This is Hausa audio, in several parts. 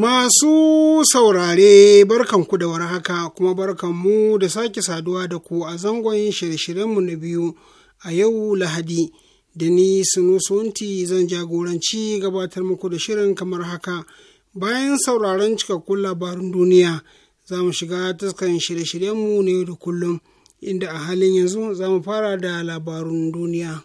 Masu saurare barkanku da warhaka kuma barkanmu da sake saduwa da ku a zangon shirye-shiryenmu na biyu a yau Lahadi. Da ni Sunusunti zan jagoranci gabatar muku da shirin kamar haka. Bayan sauraron cikakkun labarin duniya za mu shiga taskan shirye-shiryenmu na yau da kullum, inda a halin yanzu za mu fara da labarun duniya.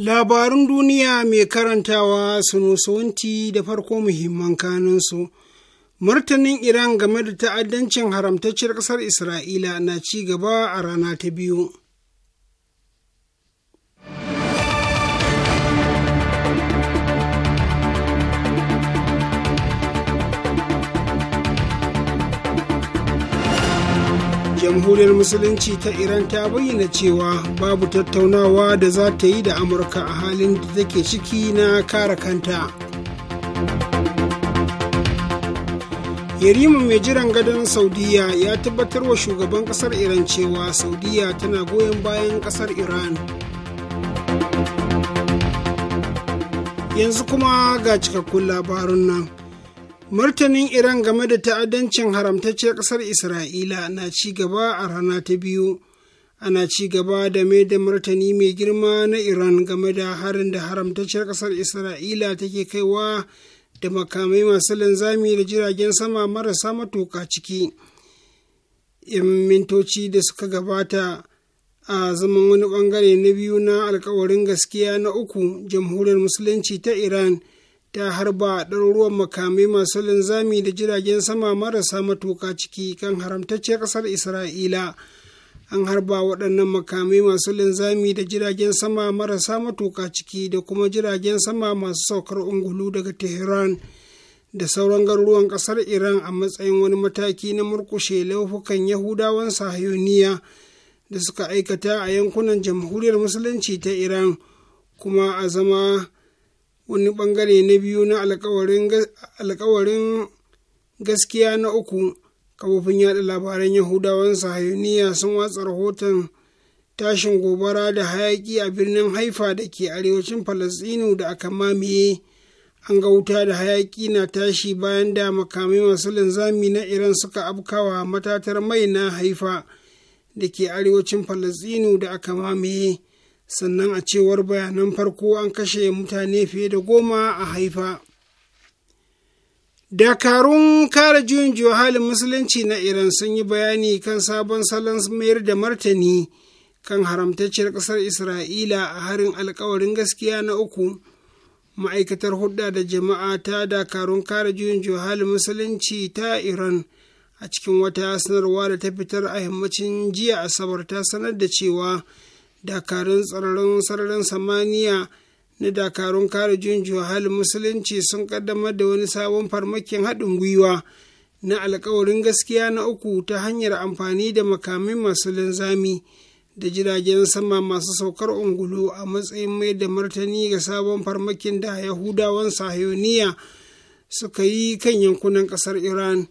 Labarun duniya mai karantawa su sunusuwanti da farko muhimman kanunsu. Martanin Iran game da ta'addancin haramtacciyar ƙasar Isra'ila na ci gaba a rana ta biyu. jamhuriyar musulunci ta iran ta bayyana cewa babu tattaunawa da za ta yi da amurka a halin da take ciki na kare kanta yarima mai jiran gadon saudiya ya tabbatar wa shugaban kasar iran cewa saudiya tana goyon bayan kasar iran yanzu kuma ga cikakkun labarun nan Martanin Iran game da ta'addancin haramtacciyar ƙasar Isra'ila na ci gaba a rana ta biyu. Ana ci gaba da mai da martani mai girma na Iran game da harin da haramtacciyar ƙasar Isra'ila take kaiwa da makamai masu linzami da jiragen sama marasa matuƙa ciki. ‘Yan mintoci da suka gabata a zaman wani bangare na biyu na alkawarin gaskiya na uku, Jamhuriyar Musulunci ta Iran. ta harba ɗaruruwan makamai masu linzami da jiragen sama marasa matuka ciki kan haramtacce ƙasar isra'ila an harba waɗannan makamai masu linzami da jiragen sama marasa matuka ciki da kuma jiragen sama masu saukar ungulu daga tehran da sauran garuruwan ƙasar iran a matsayin wani mataki na murkushe laifukan yahudawan sahayoniya da suka aikata a yankunan jamhuriyar musulunci ta iran kuma a zama wani ɓangare na biyu na alkawarin gaskiya na uku kafofin yada labaran yahudawan sahayuniya sun watsa rahoton tashin gobara da hayaki a birnin haifa da ke arewacin falasinu da aka mamaye an ga wuta da hayaki na tashi bayan da makamai masu linzami na iran suka afkawa matatar mai na haifa da ke arewacin falasinu da aka mamaye sannan a cewar bayanan farko an kashe mutane fiye da goma a haifa dakarun kare juyin halin musulunci na iran sun yi bayani kan sabon salon mayar da martani kan haramtacciyar ƙasar isra'ila a harin alkawarin gaskiya na uku ma'aikatar hudda da jama'a ta dakarun kare juyin halin musulunci ta iran a cikin wata sanarwa da ta fitar a yammacin jiya asabar ta sanar da cewa dakarun tsararin sararin samaniya na dakarun kare junjiwa hali musulunci sun kaddamar da wani sabon farmakin haɗin gwiwa na alkawarin gaskiya na uku ta hanyar amfani da makamai masu linzami da jiragen sama masu saukar ungulu a matsayin mai da martani ga sabon farmakin da yahudawan sahiyoniya suka yi kan yankunan ƙasar iran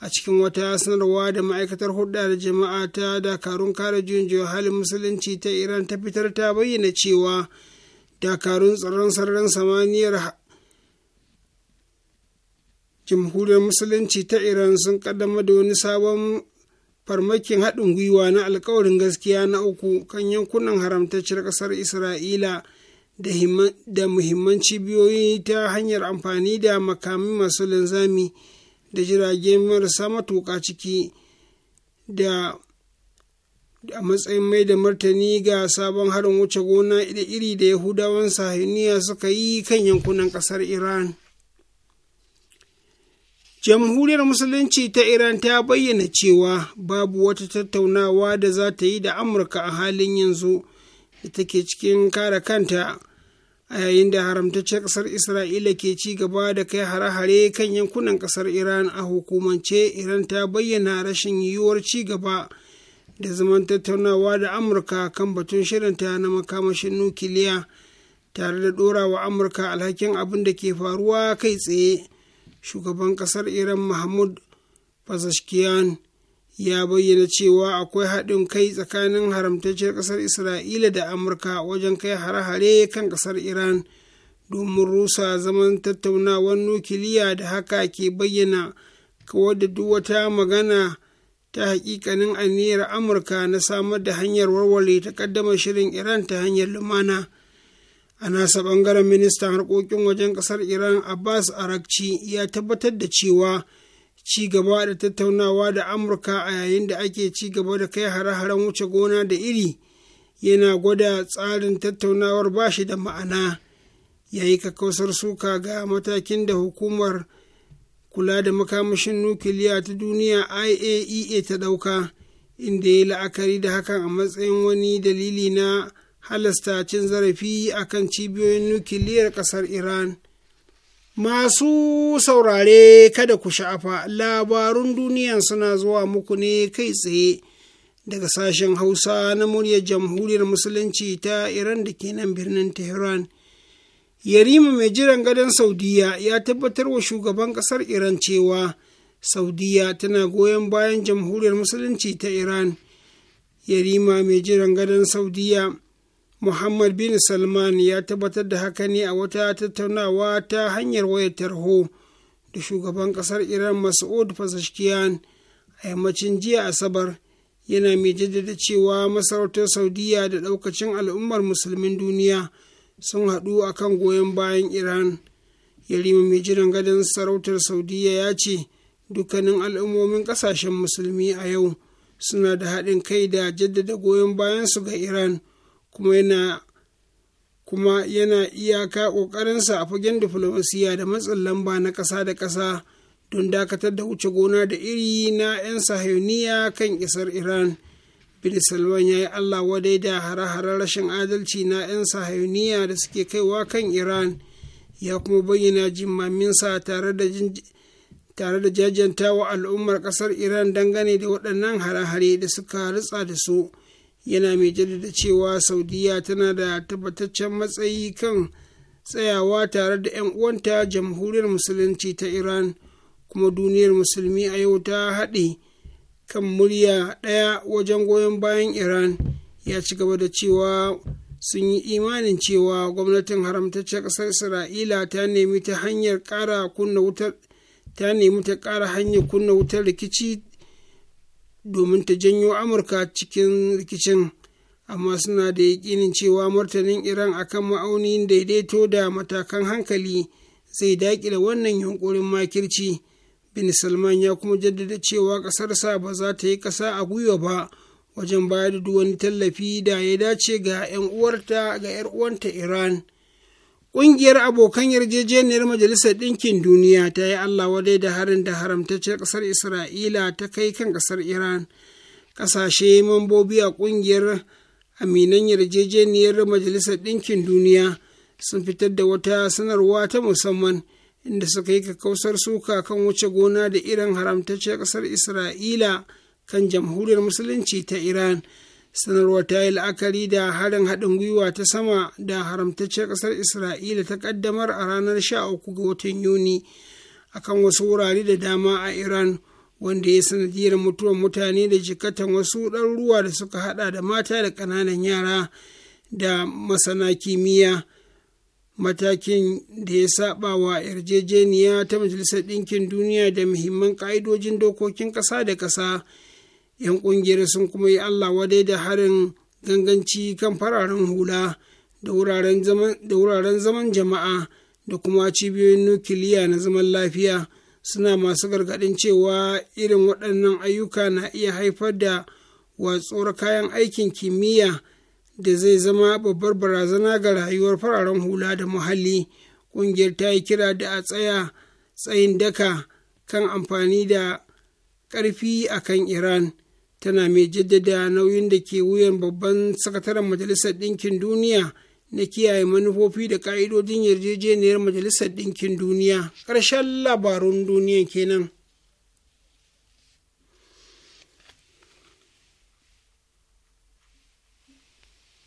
a cikin wata sanarwa da ma'aikatar hulɗa da jama'a ta dakarun kare juyin halin musulunci ta iran ta fitar ta bayyana cewa dakarun tsaron sararin samaniyar jamhuriyar musulunci ta iran sun kaddama da wani sabon farmakin haɗin gwiwa na alkawarin gaskiya na uku kan yankunan haramtacciyar ƙasar isra'ila da muhimman cibiyoyi ta hanyar amfani da makami masu linzami. da jirage marasa matuƙa ciki da a matsayin mai da martani ga sabon harin wuce gona da iri da yahudawan sahiniya suka yi kan yankunan ƙasar iran jamhuriyar musulunci ta iran ta bayyana cewa babu wata tattaunawa da za ta yi da amurka a halin yanzu da take cikin kare kanta a yayin da haramtaccen ƙasar isra'ila ke ci gaba da kai hare-hare kan yankunan ƙasar iran a hukumance iran ta bayyana rashin yiwuwar ci gaba da zaman tattaunawa da amurka kan batun shirinta na makamashin nukiliya tare da ɗora wa amurka alhakin abin da ke faruwa kai tsaye shugaban ƙasar iran mahmud pazashkiyan ya bayyana cewa akwai haɗin kai tsakanin haramtacciyar ƙasar isra'ila da amurka wajen kai hare-hare kan ƙasar iran domin rusa zaman tattaunawar nukiliya da haka ke bayyana kawai da duk wata magana ta hakikanin aniyar amurka na samar da hanyar warware ta kaddama shirin iran ta hanyar lumana a nasa ɓangaren ministan harkokin wajen ƙasar iran abbas arakci ya tabbatar da cewa ci gaba da tattaunawa da amurka a yayin da ake ci gaba da kai hare-haren wuce gona da iri yana gwada tsarin tattaunawar bashi da ma'ana ya yi kakkausar suka ga matakin da hukumar kula da makamashin nukiliya ta duniya iaea e ta ɗauka inda ya la'akari da hakan a matsayin wani dalili na halasta cin zarafi akan cibiyoyin nukiliyar ƙasar iran Masu saurare kada ku sha'afa labarun duniya suna zuwa muku ne kai tsaye daga sashen Hausa na muryar Jamhuriyar Musulunci ta Iran da ke nan birnin Tehran. Yarima mai jiran gadon Saudiya ya tabbatar wa shugaban ƙasar Iran cewa Saudiya tana goyon bayan Jamhuriyar Musulunci ta Iran. Yarima mai jiran gadon Saudiya. Muhammad bin Salman ya tabbatar da haka ne a wata tattaunawa ta hanyar wayar tarho da shugaban ƙasar Iran Mas'ud Pezeshkian a yammacin jiya Asabar yana mai jaddada cewa masarautar Saudiya da ɗaukacin al'ummar musulmin duniya sun haɗu a kan goyon bayan Iran. Yarima mai jiran gadon sarautar Saudiya ya ce dukkanin al'ummomin ƙasashen musulmi a yau suna da haɗin kai da jaddada goyon bayansu ga Iran. kuma yana kuma yana iyaka ƙoƙarinsa a fagen diflomasiya da matsin lamba na ƙasa da ƙasa don dakatar da wuce gona da iri na 'yan sahiyoniya kan isar iran bin salman ya yi allah wadai da hare hare rashin adalci na 'yan sahayoniya da suke kaiwa kan iran ya kuma bayyana jimaminsa tare da tare wa al'ummar ƙasar iran dangane da waɗannan hare-hare da suka ritsa da su yana mai jaddada cewa saudiya tana da tabbataccen matsayi kan tsayawa tare da 'yan uwanta jamhuriyar musulunci ta iran kuma duniyar musulmi a yau ta haɗe kan murya ɗaya wajen goyon bayan iran ya ci gaba da cewa sun yi imanin cewa gwamnatin haramtaccen ƙasar isra'ila ta nemi ta hanyar ƙara kunna wutar ta nemi ta ƙara hanyar kunna wutar rikici domin ta janyo amurka cikin rikicin amma suna da yaƙinin cewa martanin iran akan ma'aunin daidaito da matakan hankali zai daƙile wannan yunkurin makirci bin salman ya kuma jaddada cewa ƙasarsa ba za ta yi ƙasa a gwiwa ba wajen bayar da wani tallafi da ya dace ga 'yan uwarta ga 'yar uwanta iran Ƙungiyar abokan yarjejeniyar Majalisar Ɗinkin Duniya ta yi Allah wadai da harin da haramtacciyar ƙasar Isra'ila ta kai kan ƙasar Iran. Ƙasashe mambobi a ƙungiyar aminan yarjejeniyar Majalisar Ɗinkin Duniya sun fitar da wata sanarwa ta musamman inda suka yi kakkausar suka kan wuce gona da irin haramtacciyar ƙasar Isra'ila kan jamhuriyar Musulunci ta Iran. sanarwar ta yi la'akari da harin haɗin gwiwa ta sama da haramtacciyar ƙasar isra'ila ta ƙaddamar a ranar 13 ga watan yuni akan wasu wurare da dama a iran wanda ya sanadiyar mutuwar mutane da jikatan wasu ɗaruruwa da suka haɗa da mata da ƙananan yara da masana kimiyya matakin da ya saba wa yarjejeniya ta majalisar ɗinkin duniya da muhimman ƙa'idojin dokokin ƙasa da ƙasa 'yan ƙungiyar sun kuma yi allah wadai da harin ganganci kan fararen hula da wuraren zaman jama'a da kuma cibiyoyin nukiliya na zaman lafiya suna masu gargaɗin cewa irin waɗannan ayyuka na iya haifar da watsuwar kayan aikin kimiyya da zai zama babbar barazana ga rayuwar fararen hula da muhalli ƙungiyar ta yi kira da a tsaya tsayin daka kan amfani da ƙarfi a kan iran tana mai jaddada nauyin da ke wuyan babban sakataren majalisar ɗinkin duniya na kiyaye manufofi da ƙa'idodin yarjejeniyar majalisar ɗinkin duniya ƙarshen labarun duniya kenan.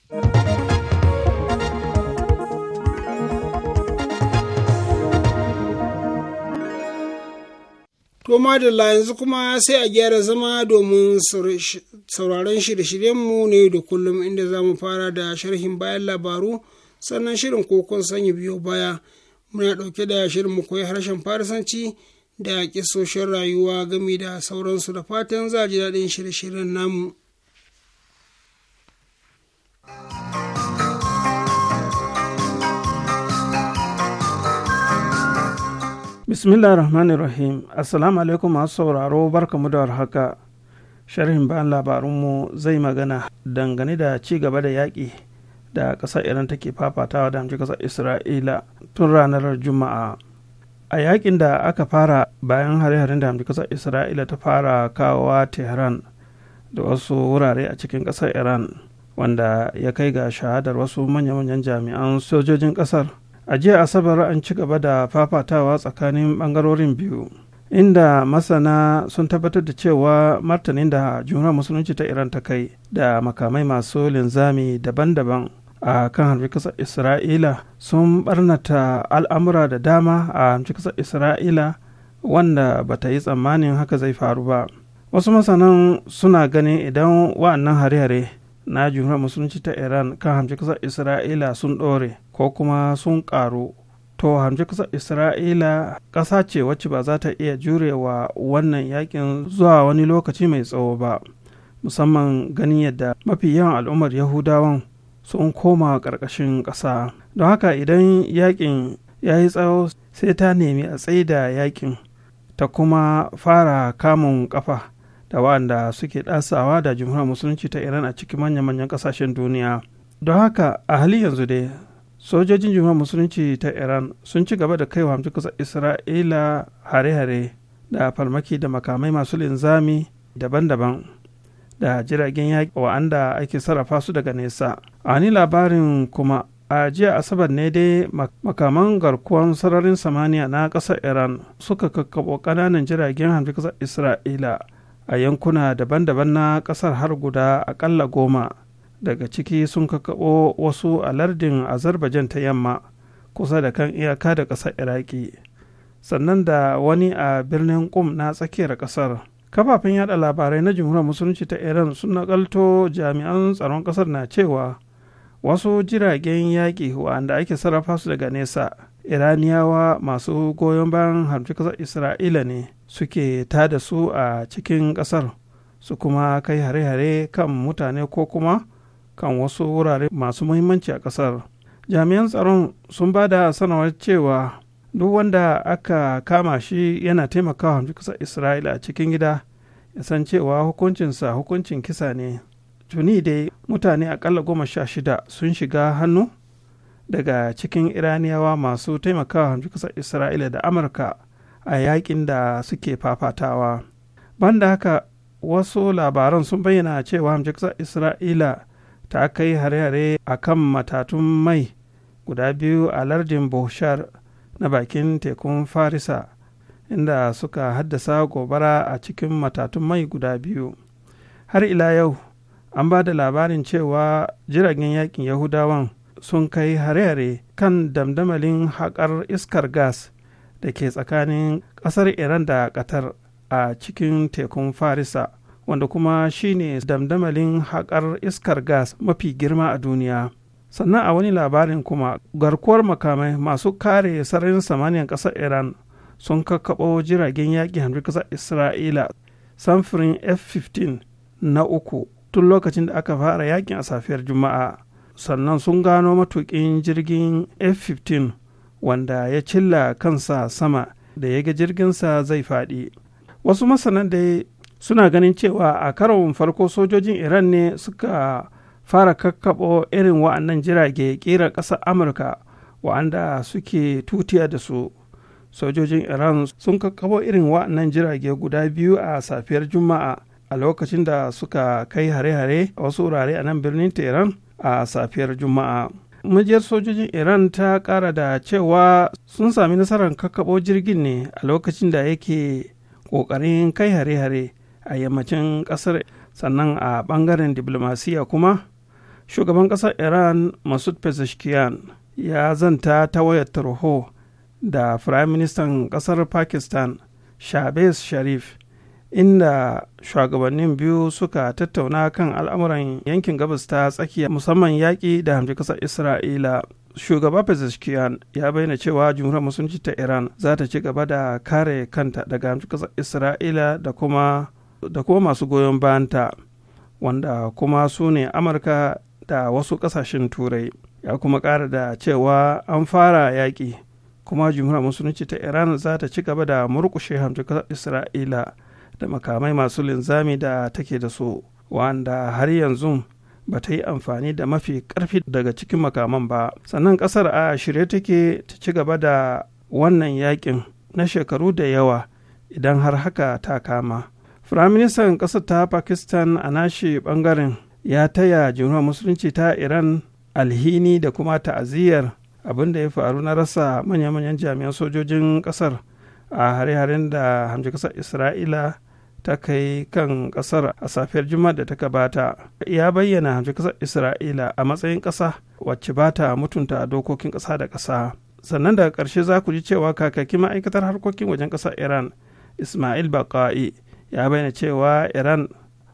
thank To madalla yanzu kuma sai a gyara zama domin sauraron shirye-shiryenmu ne da kullum inda za mu fara da sharhin bayan labaru sannan shirin kokon sanya biyo baya muna ɗauke da shirin mu koyi harshen farisanci da kisoshin rayuwa gami da sauransu da fatan za ji daɗin shirye-shiryen namu. bismillah rahmanir rahim assalamu alaikum masu sauraro barkamu da haka sharhin bayan labarunmu zai magana dangane da ci gaba da yaƙi da ƙasar iran take fafatawa da hamci ƙasar isra'ila tun ranar juma'a a yaƙin da aka fara bayan hare-haren da hamci ƙasar isra'ila ta fara kawowa tehran da wasu wurare a cikin ƙasar iran wanda ya kai ga shahadar wasu manya-manyan jami'an sojojin ƙasar a jiya asabar an ci gaba da fafatawa tsakanin bangarorin biyu inda masana sun tabbatar da cewa martanin da juna musulunci ta iran ta kai da makamai masu linzami daban-daban a kan harbi kasar isra'ila sun barnata al'amura da dama a harbi kasar isra'ila wanda ba ta yi tsammanin haka zai faru ba wasu masanan suna ganin idan wa'annan hare-hare na juna musulunci ta iran kan harbi kasar isra'ila sun ɗore ko kuma sun ƙaru to hamji kasar isra'ila ƙasa ce wacce ba za ta iya jurewa wannan yakin zuwa wani lokaci mai tsawo ba musamman ganin yadda mafi yawan al'ummar yahudawan sun koma ƙarƙashin ƙasa don haka idan yakin ya yi tsawo sai ta nemi a tsaida yakin ta kuma fara kamun kafa da waɗanda suke ɗasawa da jimhuriyar musulunci ta iran a cikin manya-manyan ƙasashen duniya don haka a halin yanzu dai sojojin juma'a musulunci ta iran sun ci gaba da wa hamsin kasar isra'ila hare-hare da farmaki da makamai masu linzami daban-daban da jiragen yaƙi wa'anda ake sarrafa su daga nesa a ni labarin kuma a jiya asabar ne dai makaman garkuwan sararin samaniya na ƙasar iran suka kakkaɓo ƙananan jiragen hamsin kasar isra'ila a yankuna daban-daban na ƙasar har guda aƙalla goma daga ciki sun kakaɓo wasu a lardin azerbaijan ta yamma kusa da kan iyaka da ƙasar iraki sannan da wani a birnin kum na tsakiyar ƙasar kafafen yada labarai na jimhuriyar musulunci ta iran sun nakalto jami'an tsaron ƙasar na cewa wasu jiragen yaƙi wanda ake sarrafa su daga nesa iraniyawa masu goyon bayan harfi ƙasar isra'ila ne suke ta da su a cikin ƙasar su kuma kai hare-hare kan mutane ko kuma kan wasu wurare masu muhimmanci a ƙasar jami'an tsaron sun ba da sanarwar cewa duk wanda aka kama shi yana taimakawa hamshi kasa isra'ila a cikin gida ya san cewa hukuncinsa hukuncin kisa ne tuni dai mutane akalla goma sha shida sun shiga hannu daga cikin iraniyawa masu taimakawa hamshi ƙasar isra'ila da amurka a yakin da suke fafatawa banda haka wasu labaran sun bayyana cewa hamshi isra'ila ta kai hare-hare a kan matatun mai guda biyu a lardin bohshar na bakin tekun farisa inda suka haddasa gobara a cikin matatun mai guda biyu har ila yau an ba da labarin cewa jiragen yakin yahudawan sun kai hare-hare kan damdamalin haƙar iskar gas da ke tsakanin ƙasar iran da ƙatar a cikin tekun farisa wanda kuma shine damdamalin haƙar iskar gas mafi girma a duniya sannan a wani labarin kuma garkuwar makamai masu kare sararin samaniyar ƙasar iran sun kakkaɓo jiragen yaƙi hamsin ƙasar isra'ila samfurin f-15 na uku tun lokacin da aka fara yakin a safiyar juma'a sannan sun gano matuƙin jirgin f-15 wanda ya cilla kansa sama da ya ga jirginsa zai faɗi wasu masanan da suna ganin cewa a karon farko sojojin iran ne suka fara kakkaɓo irin wa'annan jirage ƙera ƙasa amurka wa'anda suke tutiya da su sojojin iran sun kakkaɓo irin wa'annan jirage guda biyu a safiyar juma'a a lokacin da suka kai hare-hare a wasu wurare a nan birnin tehran a safiyar juma'a majiyar sojojin iran ta kara da cewa sun sami nasarar kakkaɓo jirgin ne a lokacin da yake ƙoƙarin kai hare-hare a yammacin ƙasar sannan a ɓangaren diplomasiya kuma shugaban kasar iran masud pezeshkian ya zanta ta wayar tarho da firaministan ƙasar pakistan shabes sharif inda shugabannin biyu suka tattauna kan al'amuran yankin gabas ta tsakiya musamman yaƙi da hamji ƙasar isra'ila shugaba pezeshkian ya bayyana cewa jumhuriyar musulunci ta iran za ta ci gaba da kare kanta daga hamji ƙasar isra'ila da kuma da kuma masu goyon bayanta wanda kuma su ne amurka da wasu ƙasashen turai ya kuma ƙara da cewa an fara yaƙi kuma jimura musulunci ta iran za ta ci gaba da murƙushe hamjikar isra'ila da makamai masu linzami da take da su wanda har yanzu ba ta yi amfani da mafi ƙarfi daga cikin makaman ba sannan ƙasar a shirye take ta ci gaba da wannan yaƙin na shekaru da yawa idan har haka ta kama firaministan ƙasar ta pakistan a nashi ɓangaren ya taya jumhuriyar musulunci ta iran alhini da kuma ta'aziyyar abin da ya faru na rasa manya-manyan jami'an sojojin ƙasar a hare-haren da hamji ƙasar isra'ila ta kai kan ƙasar a safiyar juma'a da ta gabata ya bayyana hamji ƙasar isra'ila a matsayin ƙasa wacce ba ta mutunta dokokin ƙasa da ƙasa sannan daga ƙarshe za ku ji cewa kakaki ma'aikatar harkokin wajen ƙasar iran ismail baka'i ya bayyana cewa iran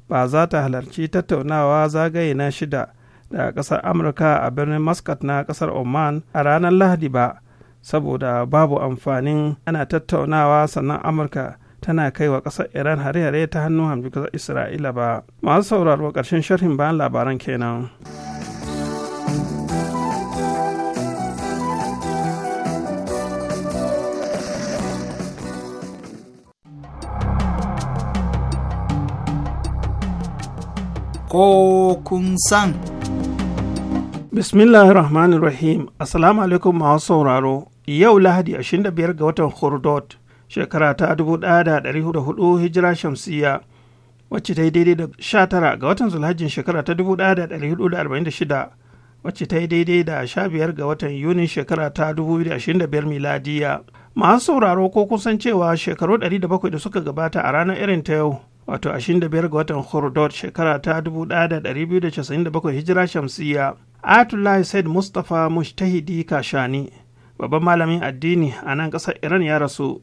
ba za ta halarci tattaunawa zagaye na shida da kasar amurka a birnin muscat na kasar oman a ranar lahadi ba saboda babu amfanin ana tattaunawa sannan amurka tana kai wa kasar iran hare-hare ta hannun hamdu isra'ila ba masu sauraro karshen sharhin bayan labaran kenan. ko kun san. Bismillah Rahman Rahim, Assalamu alaikum masu sauraro. Yau Lahadi 25 ga watan Hurdot, shekara ta 1404 Hijira Shamsiyya, wacce ta yi daidai da 19 ga watan Zulhajjin shekara ta 1446, wacce ta yi daidai da 15 ga watan Yuni shekara ta 2025 miladiya. Masu sauraro ko kusan cewa shekaru 700 da suka gabata a ranar irin ta yau. wato 25 ga watan hurdod shekara ta 1297 hijira shamsiya atullahi said mustapha mushtahidi kashani babban malamin addini a nan ƙasar iran ya rasu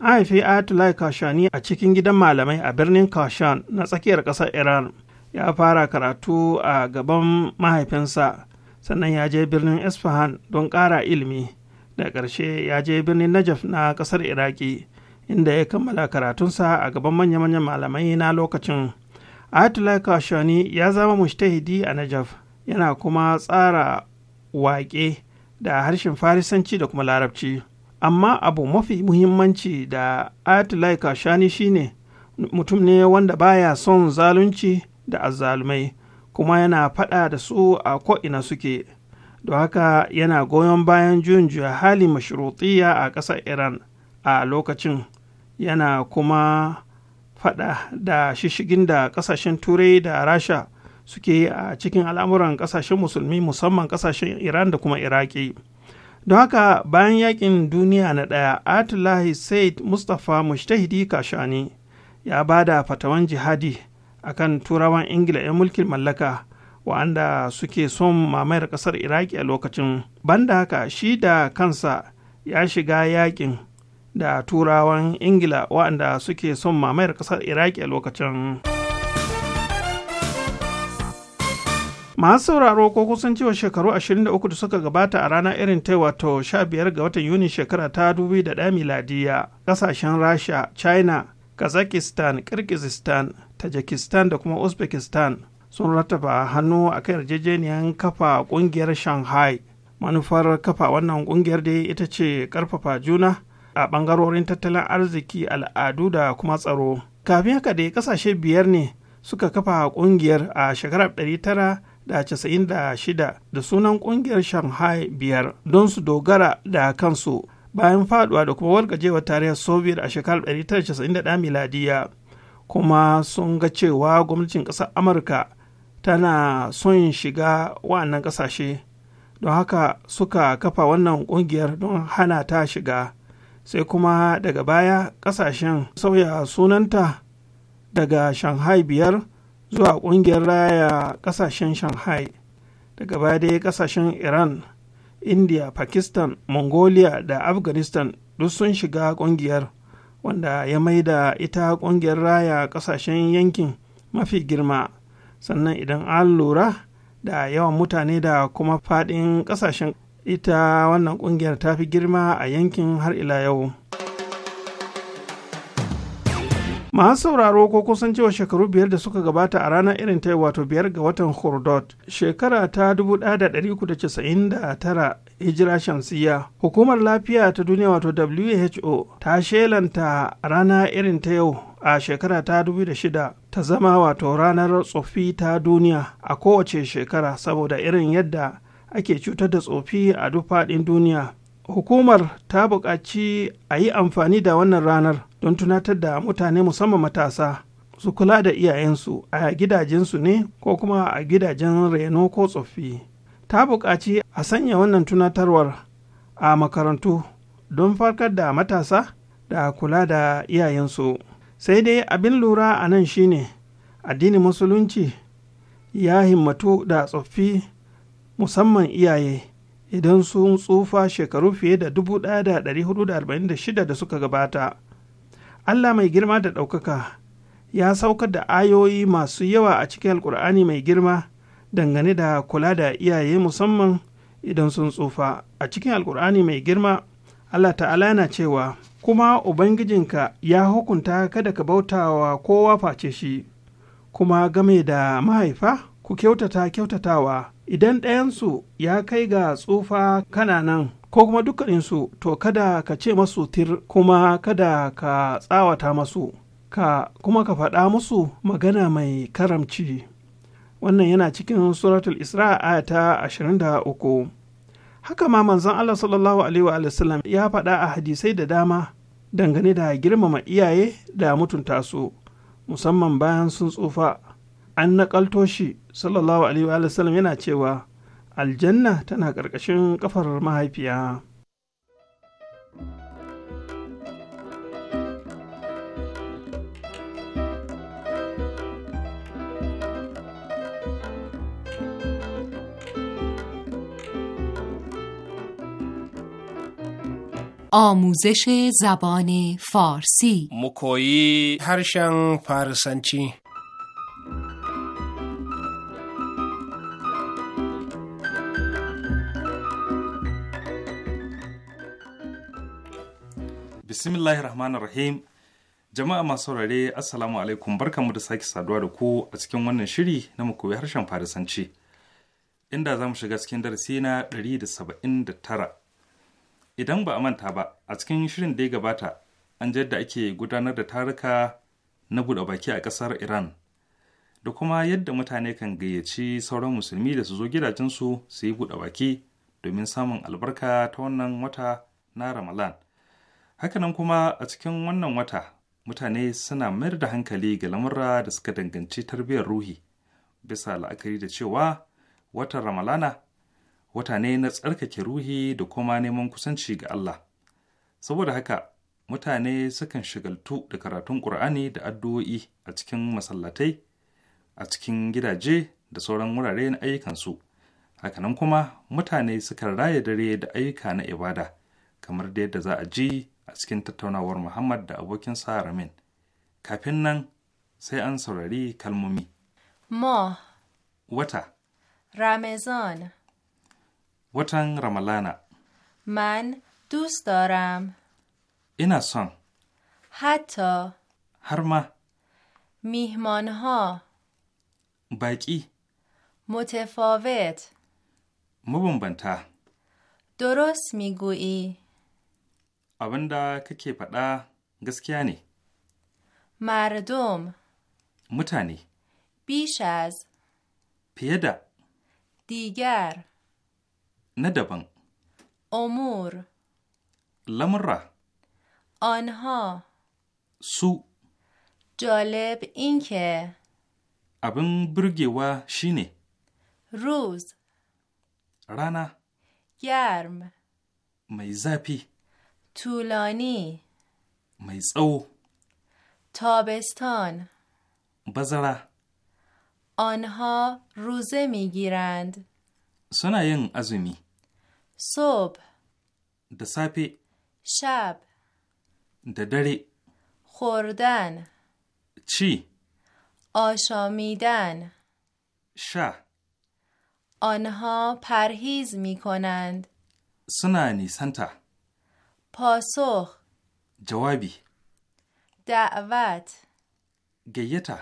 an haifi atullahi kashani a cikin gidan malamai a birnin kashan na tsakiyar ƙasar iran ya fara karatu a gaban mahaifinsa sannan ya je birnin isfahan don ƙara ilimi da ƙarshe ya je birnin najaf na ƙasar iraki inda ya kammala karatunsa a gaban manya-manyan malamai na lokacin ayatollah kashani ya zama mushtahidi a najaf yana kuma tsara waƙe da harshen farisanci da kuma larabci amma abu mafi muhimmanci da ayatollah kashani shine mutum ne wanda baya son zalunci da azzalumai kuma yana faɗa da su a ko'ina suke don haka yana goyon bayan juyin juya hali mashruɗiyya a ƙasar iran a lokacin yana kuma faɗa da shishigin da ƙasashen turai da rasha suke yi a cikin al'amuran ƙasashen musulmi musamman ƙasashen iran da kuma iraki don haka bayan yakin duniya na ɗaya atullahi said mustapha mushtahidi kashani ya ba da fatawan jihadi akan turawan ingila 'yan mulkin mallaka wa'anda suke son mamayar ƙasar iraki a lokacin banda haka shi da kansa ya shiga yakin da turawan ingila waɗanda suke son mamayar ƙasar iraki a lokacin masu sauraro ko kusan cewa shekaru 23 da suka gabata a rana irin ta wato 15 ga watan yuni shekara ta 2001 miladiya ƙasashen rasha china kazakistan kirgizistan tajikistan da kuma uzbekistan sun rattaba hannu a kan yarjejeniyar kafa ƙungiyar shanghai manufar kafa wannan ƙungiyar dai ita ce ƙarfafa juna a ɓangarorin tattalin arziki al'adu da kuma tsaro kafin haka dai ƙasashe biyar ne suka kafa ƙungiyar a shekarar 1996 da sunan ƙungiyar shanghai biyar don su dogara da kansu bayan faduwa da kuma wargajewa tarihar soviet a shekarar 1991 miladiya kuma sun ga cewa gwamnatin ƙasar amurka tana son shiga wannan ƙasashe don haka suka kafa wannan ƙungiyar don hana ta shiga sai kuma daga baya kasashen sauya sunanta daga shanghai biyar zuwa kungiyar raya kasashen shanghai daga baya dai ƙasashen iran india pakistan mongolia da afghanistan duk sun shiga kungiyar wanda ya maida ita kungiyar raya kasashen yankin mafi girma sannan idan an lura da yawan mutane da kuma faɗin kasashen ita wannan kungiyar ta fi girma a yankin har ila yau masu sauraro ko kusan cewa shekaru biyar da suka gabata a ranar irin ta wato biyar ga watan hordot shekara ta 1999 hijira shamsiya hukumar lafiya ta duniya wato who ta shelanta rana irin ta yau a shekara ta 2006 ta zama wato ranar tsofi ta duniya a kowace shekara saboda irin yadda ake cutar da tsofi a duk faɗin duniya hukumar ta buƙaci a yi amfani da wannan ranar don tunatar da mutane musamman matasa su kula da iyayensu a gidajensu ne ko kuma a gidajen reno ko tsoffi ta buƙaci a sanya wannan tunatarwar a makarantu don farkar da matasa da kula da iyayensu sai dai abin lura a nan shine addinin musulunci ya himmatu da tsoffi musamman iyaye idan sun tsufa shekaru fiye da 1446 da suka gabata allah mai girma da ɗaukaka ya saukar da ayoyi masu yawa a cikin alkur'ani mai girma dangane da kula da iyaye musamman idan sun tsufa a cikin alkur'ani mai girma allah ta'ala yana cewa kuma ubangijinka ya hukunta kada ka bautawa kowa face shi kuma game da mahaifa ku kyautata kyautatawa idan ɗayansu ya kai ga tsufa kananan ko kuma dukkaninsu to kada ka ce masu tir kuma kada ka tsawata masu ka kuma ka faɗa musu magana mai karamci wannan yana cikin suratul isra ashirin ta 23 haka ma manzon Allah sallallahu alaihi wa sallam ya faɗa a hadisai da dama dangane da girmama iyaye da mutunta su musamman bayan sun tsufa an naƙalto shi sallallahu alaihi wa sallam yana cewa aljanna tana ƙarƙashin ƙafar mahaifiya آموزش زبان فارسی مکویی هرشن فارسنچی Bismillahirrahmanirrahim. jama'a masu saurare assalamu alaikum barkanmu da sake saduwa da ku a cikin wannan shiri na mu koyi harshen farisanci inda za mu shiga cikin darasi na 179 idan ba a manta ba a cikin shirin da ya gabata an jadda ake gudanar da taruka na buɗe baki a ƙasar iran da kuma yadda mutane kan gayyaci sauran musulmi da su zo gidajensu su yi buɗe baki domin samun albarka ta wannan wata na ramalan Hakanan kuma a cikin wannan wata mutane suna mayar da hankali ga lamurra da suka danganci tarbiyyar ruhi bisa la'akari da cewa watan Ramalana wata ne na tsarkake ruhi da kuma neman kusanci ga Allah. Saboda haka mutane sukan shigaltu da karatun Ƙur'ani da addu'o'i a cikin masallatai, a cikin gidaje da sauran wurare na ayyukansu. Hakanan kuma mutane sukan raye dare da ayyuka na ibada, kamar da yadda za a ji a cikin tattaunawar Muhammad da abokinsa Ramin. Kafin nan sai an saurari kalmomi. Mo. Wata. Ramazan. Watan Ramalana. Man دوست دارم. این اصان. حتی. هر Mihman ha. Baƙi. متفاوت. مبنبنتا. درست میگویی. abinda kake faɗa gaskiya ne maradom mutane bishaz fiye da digar na daban umur lamurra anha su jalib inke abin burgewa shine ruz rana yarm mai zafi طولانی می تابستان بزره آنها روزه میگیرند سونا ین ازمی صبح دسافی شب ددری، خوردن چی آشامیدن شا، آنها پرهیز می کنند suna پاسخ جوابی دعوت گیتا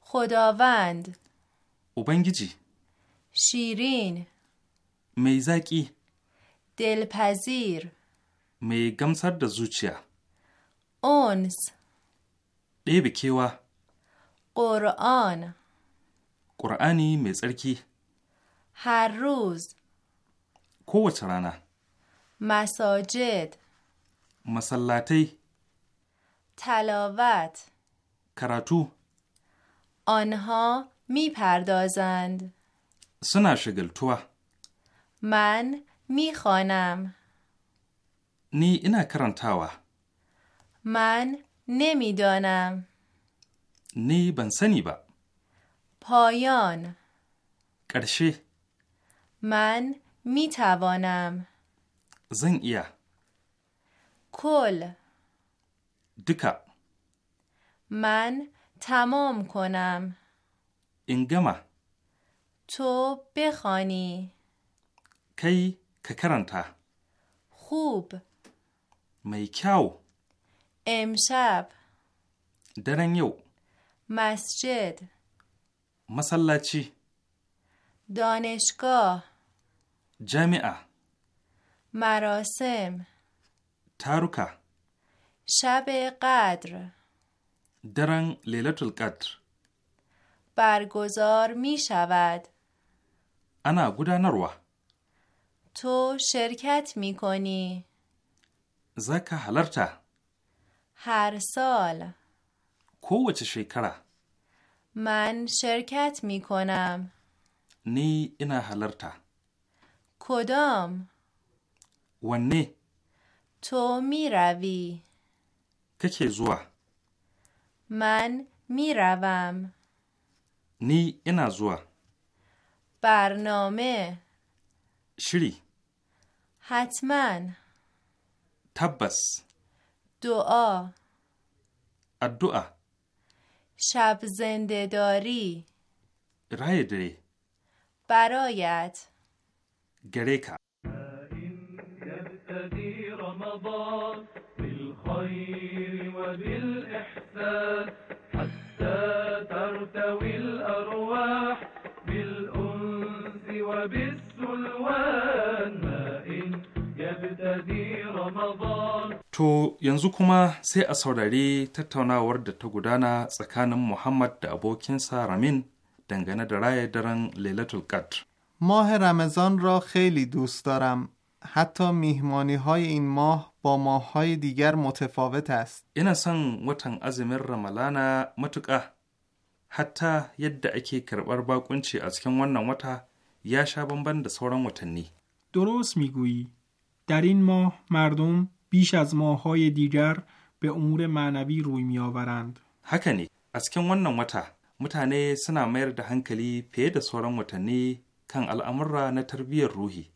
خداوند اوبنگیجی شیرین میزاکی دلپذیر می گمسر دا زوچیا اونس دیبی کیوا قرآن قرآنی می هر روز kowace rana. مساجد مسلاتی تلاوت کراتو آنها میپردازند سنا شگل تو من میخوانم نی اینا کرانتاوا من نمیدانم نی بنسنی با پایان کرشه من میتوانم زن کل دکه من تمام کنم انگما تو بخوانی کی که خوب میکاو امشب درن مسجد مسلاچی دانشگاه جمعه مراسم تاروکا شب قدر درن لیلت القدر برگزار می شود انا نروا تو شرکت می کنی زکا حلرتا هر سال چه شکره؟ من شرکت می کنم نی اینا حلرتا کدام ونه تو می روی ککی زوا من می روم نی اینا زوا برنامه شری حتما تبس دعا الدعا شب زنده داری رای دری برایت گریکا الرضا بالخير وبالإحسان حتى ترتوي الأرواح بالأنس وبالسلوان ما إن يبتدي رمضان To yanzu kuma sai a saurari tattaunawar da ta gudana tsakanin Muhammad da abokinsa Ramin dangane da raya daren Lailatul Qadr. ماه Ramazan ra خیلی حتی میهمانی های این ماه با ماه های دیگر متفاوت است. اینا سن وطن ازمین رمالانا متقه حتی یده اکی با کنچی از کن ونن وطا یا شا بند سوران وطنی. درست میگویی. در این ماه مردم بیش از ماه های دیگر به امور معنوی روی آورند حکنی از کن ونن وطا متانه سنا میر ده هنکلی پیه ده سوران وطنی کن الامر را نتربیه روحی.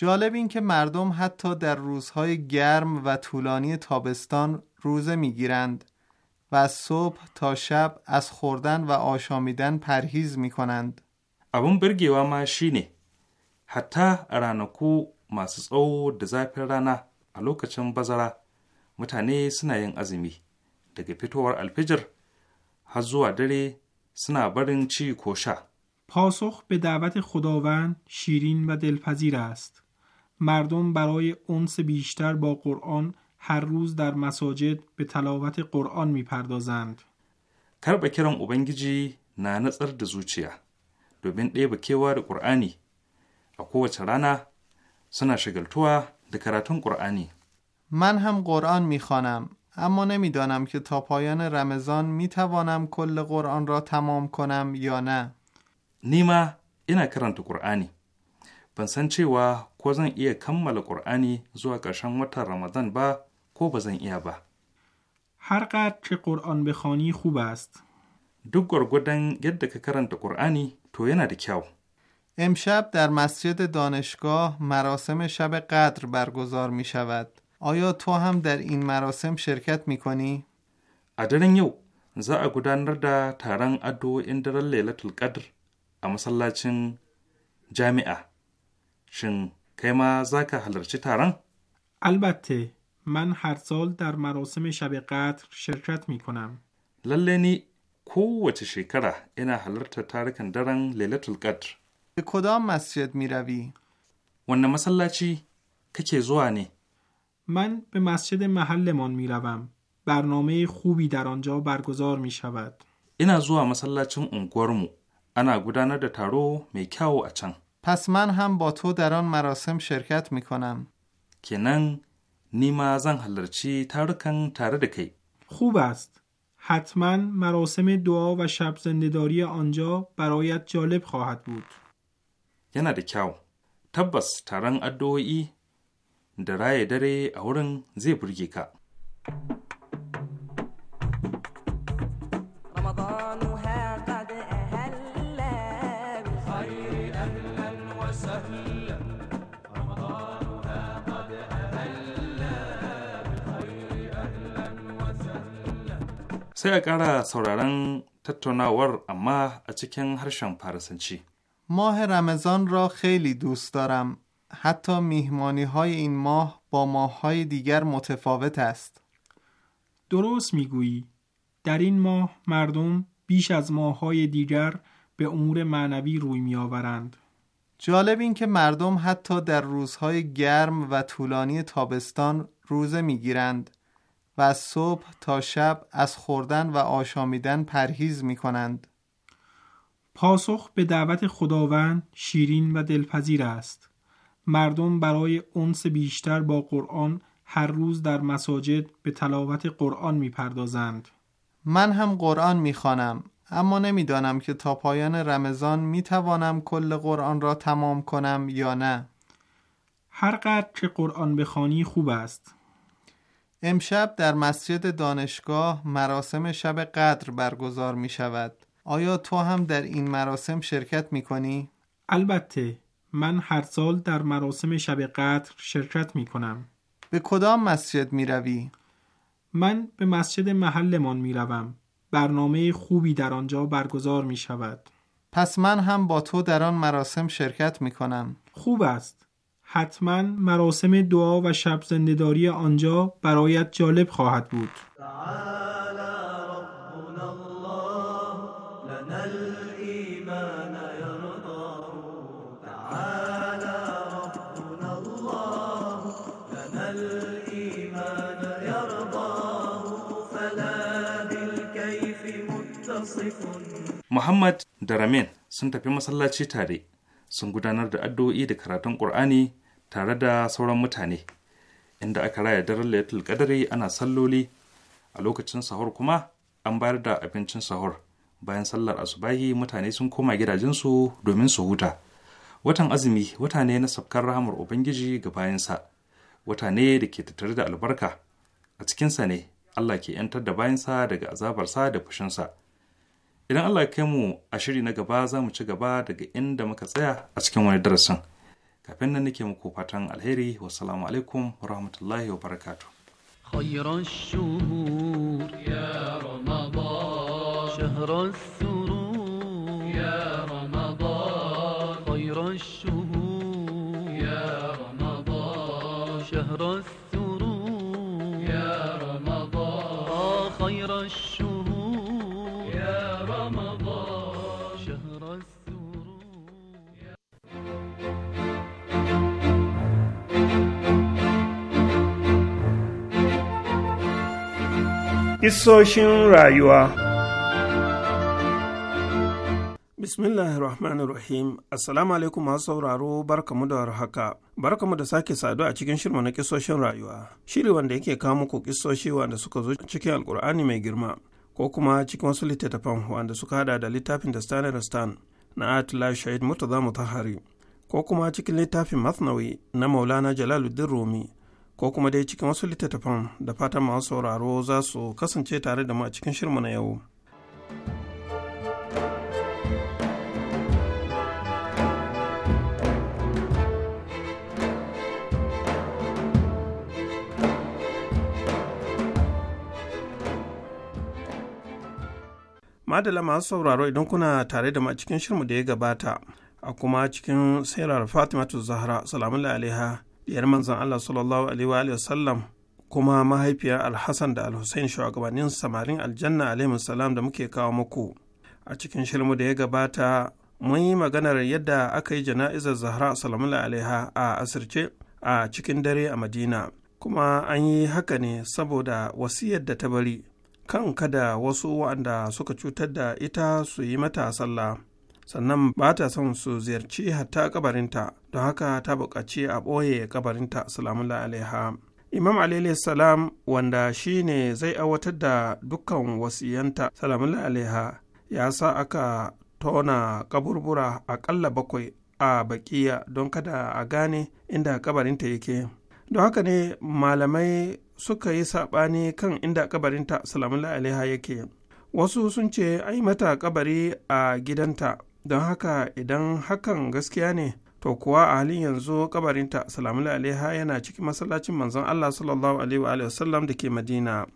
جالب این که مردم حتی در روزهای گرم و طولانی تابستان روزه میگیرند و از صبح تا شب از خوردن و آشامیدن پرهیز می کنند. ابون برگی و ماشینه حتی رانکو ماسس او دزای رانه، الو کچم بزره متانی سنین ازمی دگه پیتوار الفجر هزو دری سنا برین چی کوشه پاسخ به دعوت خداوند شیرین و دلپذیر است. مردم برای انس بیشتر با قرآن هر روز در مساجد به تلاوت قرآن میپردازند. پردازند. kiran Ubangiji na نه نظر zuciya domin به kewa da قرآنی قرآنی. kowace سنا suna shagaltuwa قرآنی من هم قرآن میخوانم اما نمیدانم که تا پایان رمضان می توانم کل قرآن را تمام کنم یا نه. نیما اینا کرانت قرآنی. بنسن چی ko zan iya kammala ƙur'ani zuwa ƙarshen watan Ramadan ba ko ba zan iya ba. Har ƙad ce Kur'an bihani خوب است. Duk gwargwadon yadda ka karanta ƙur'ani to yana da kyau. امشب در مسجد دانشگاه مراسم شب قدر برگزار می شود. آیا تو هم در این مراسم شرکت می کنی؟ ادرن یو za a gudanar تاران ادو اندرال لیلت القدر اما a masallacin jami'a. Shin کی ما زاکا حلر چی تارن؟ البته من هر سال در مراسم شب قدر شرکت می کنم. للینی کو و چی شکره اینا حلر تارکن درن لیلت القدر. به کدام مسجد می روی؟ ون مسلا چی؟ که چی زوانی؟ من به مسجد محل من می روم. برنامه خوبی در آنجا برگزار می شود. اینا زوان مسلا چون انگورمو. انا گودانه در تارو می کهو اچنگ. پس من هم با تو در آن مراسم شرکت می کنم. کنن نیما زن هلرچی تارکن تردکی. خوب است. حتما مراسم دعا و شب زندهداری آنجا برایت جالب خواهد بود. یه ده کاو. تبس تارن ادوئی درای دره اورن زی برگی که. sai a ƙara sauraron tattaunawar amma a cikin harshen ماه رمضان را خیلی دوست دارم. حتی میهمانی های این ماه با ماه های دیگر متفاوت است. درست میگویی. در این ماه مردم بیش از ماه های دیگر به امور معنوی روی می آورند. جالب این که مردم حتی در روزهای گرم و طولانی تابستان روزه می گیرند. و از صبح تا شب از خوردن و آشامیدن پرهیز می کنند. پاسخ به دعوت خداوند شیرین و دلپذیر است. مردم برای انس بیشتر با قرآن هر روز در مساجد به تلاوت قرآن می پردازند. من هم قرآن می خانم. اما نمیدانم که تا پایان رمضان می توانم کل قرآن را تمام کنم یا نه. هر قدر که قرآن بخوانی خوب است امشب در مسجد دانشگاه مراسم شب قدر برگزار می شود. آیا تو هم در این مراسم شرکت می کنی؟ البته من هر سال در مراسم شب قدر شرکت می کنم. به کدام مسجد می روی؟ من به مسجد محلمان می روم. برنامه خوبی در آنجا برگزار می شود. پس من هم با تو در آن مراسم شرکت می کنم. خوب است. حتما مراسم دعا و شب زندهداری آنجا برایت جالب خواهد بود محمد درامین Ramin sun چی تاری؟ sun gudanar da addu'o'i da karatun ƙur'ani tare da sauran mutane inda aka raya daren Lailatul ƙadari ana salloli a lokacin sahur kuma an bayar da abincin sahur bayan sallar asubahi mutane sun koma gidajensu domin su huta watan azumi wata ne na sabkar rahamar ubangiji ga bayansa wata ne da ke tattare da albarka a cikinsa ne Allah ke 'yantar da bayansa daga azabarsa da fushinsa. idan allah ya kai mu a shiri na gaba za mu ci gaba daga inda muka tsaya a cikin wani darasin kafin nan nake muku fatan alheri wassalamu alaikum wa rahmatullahi wa barakatu Isoshin rayuwa Rahim, Assalamu alaikum masu sauraro barkamu da warhaka. Barkamu da sake sadu a cikin shirma na kisoshin rayuwa. Shiri wanda yake kawo muku kisoshi wanda suka zo cikin alkur'ani mai girma ko kuma cikin wasu littattafan wanda suka hada da littafin da Stan Stan na Atila Shahid Murtaza Mutahari ko kuma cikin littafin Masnawi na Maulana Jalaluddin Rumi ko kuma dai cikin wasu littattafan da fatan masu sauraro za su kasance tare da mu a cikin shirmu na yau. Madala masu sauraro idan kuna tare da mu a cikin shirmu da ya gabata a kuma cikin sirar Fatimatu Zahra salamun alaiha diyar manzon Allah sallallahu alaihi wa sallam kuma mahaifiyar alhassan da alhussein shugabannin samarin aljanna alaihi salam da muke kawo muku a cikin shirmu da ya gabata mun yi maganar yadda aka yi jana'izar zahra sallallahu alaiha a asirce a cikin dare a madina kuma an yi haka ne saboda wasiyar da ta bari kan kada wasu waɗanda suka cutar da ita su yi mata sallah sannan ba ta son su ziyarci hatta kabarinta don haka ta buƙaci a ɓoye kabarinta salamullahi alaiha imam alaihi salam wanda shi ne zai aiwatar da dukkan wasiyanta salamullahi alaiha ya sa aka tona kaburbura aƙalla bakwai a baƙiya don kada a gane inda kabarinta yake don haka ne malamai suka yi saɓani kan inda kabarinta salamullahi alaiha yake wasu sun ce ai mata kabari a gidanta don haka idan hakan gaskiya ne to kuwa a halin yanzu kabarinta salamu alaiha yana cikin masallacin manzon Allah sallallahu alaihi wa sallam da ke Madina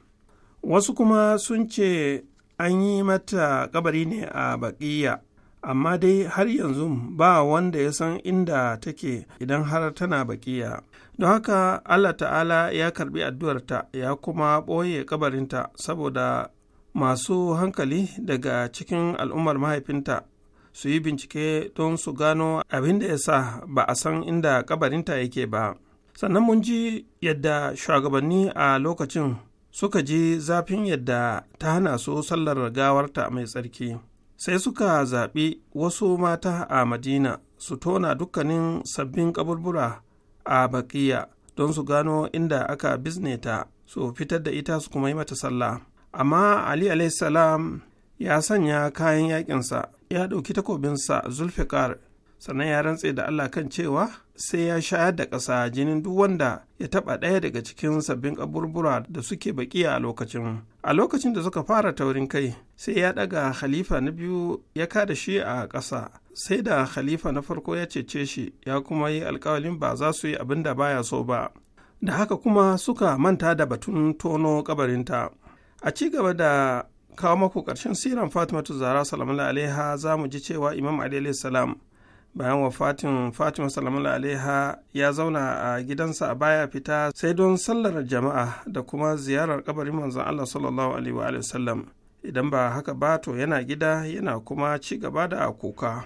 wasu kuma sun ce an yi mata kabari ne a baƙiya amma dai har yanzu ba wanda ya san inda take idan har tana baƙiya don haka Allah ta'ala ya karbi addu'arta ya kuma ɓoye kabarinta saboda masu hankali daga cikin al'ummar mahaifinta su yi bincike don su gano abin da ya sa ba a san inda kabarinta yake ba sannan mun ji yadda shugabanni a lokacin suka ji zafin yadda ta hana su sallar gawarta mai tsarki sai suka zaɓi wasu mata a madina su tona dukkanin sabbin kaburbura a Bakiya. don su gano inda aka bizne ta su fitar da ita su kuma yi mata sallah amma ali salam ya sanya kayan yakinsa ya ɗauki takobinsa zulfikar sannan ya rantse da Allah kan cewa sai ya shayar da ƙasa jinin duk wanda ya taɓa ɗaya daga cikin sabbin ƙaburbura da suke baƙiya a lokacin. A lokacin da suka fara taurin kai sai ya ɗaga Khalifa na biyu ya kada shi a ƙasa sai da Khalifa na farko ya cece shi ya kuma yi alƙawalin ba za su yi abin da baya so ba. Da haka kuma suka manta da batun tono kabarinta. A ci gaba da kawo maku ƙarshen siran fatimatu zara salamala alaiha za mu ji cewa imam ali salam bayan wafatin fatima salamala alaiha ya zauna a gidansa a baya fita sai don sallar jama'a da kuma ziyarar kabarin manzon allah sallallahu alaihi wa sallam idan ba haka ba to yana gida yana kuma ci gaba da kuka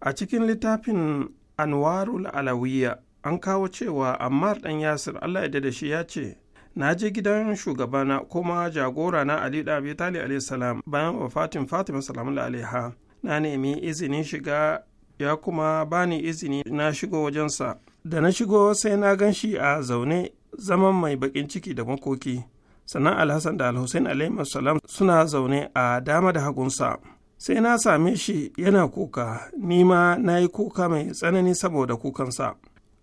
a cikin littafin anwarul alawiya an kawo cewa ammar dan yasir allah ya da shi ya ce na je gidan shugabana kuma jagora na ali dabi tali alayhi salam bayan wafatin fatima salamu alaiha na nemi izinin shiga ya kuma bani izini na shigo wajensa da na shigo sai na gan shi a zaune zaman mai bakin ciki da makoki sannan alhassan da alhussein alaihi salam suna zaune a dama da hagunsa sai na same shi yana kuka ni ma na yi kuka mai tsanani saboda kukansa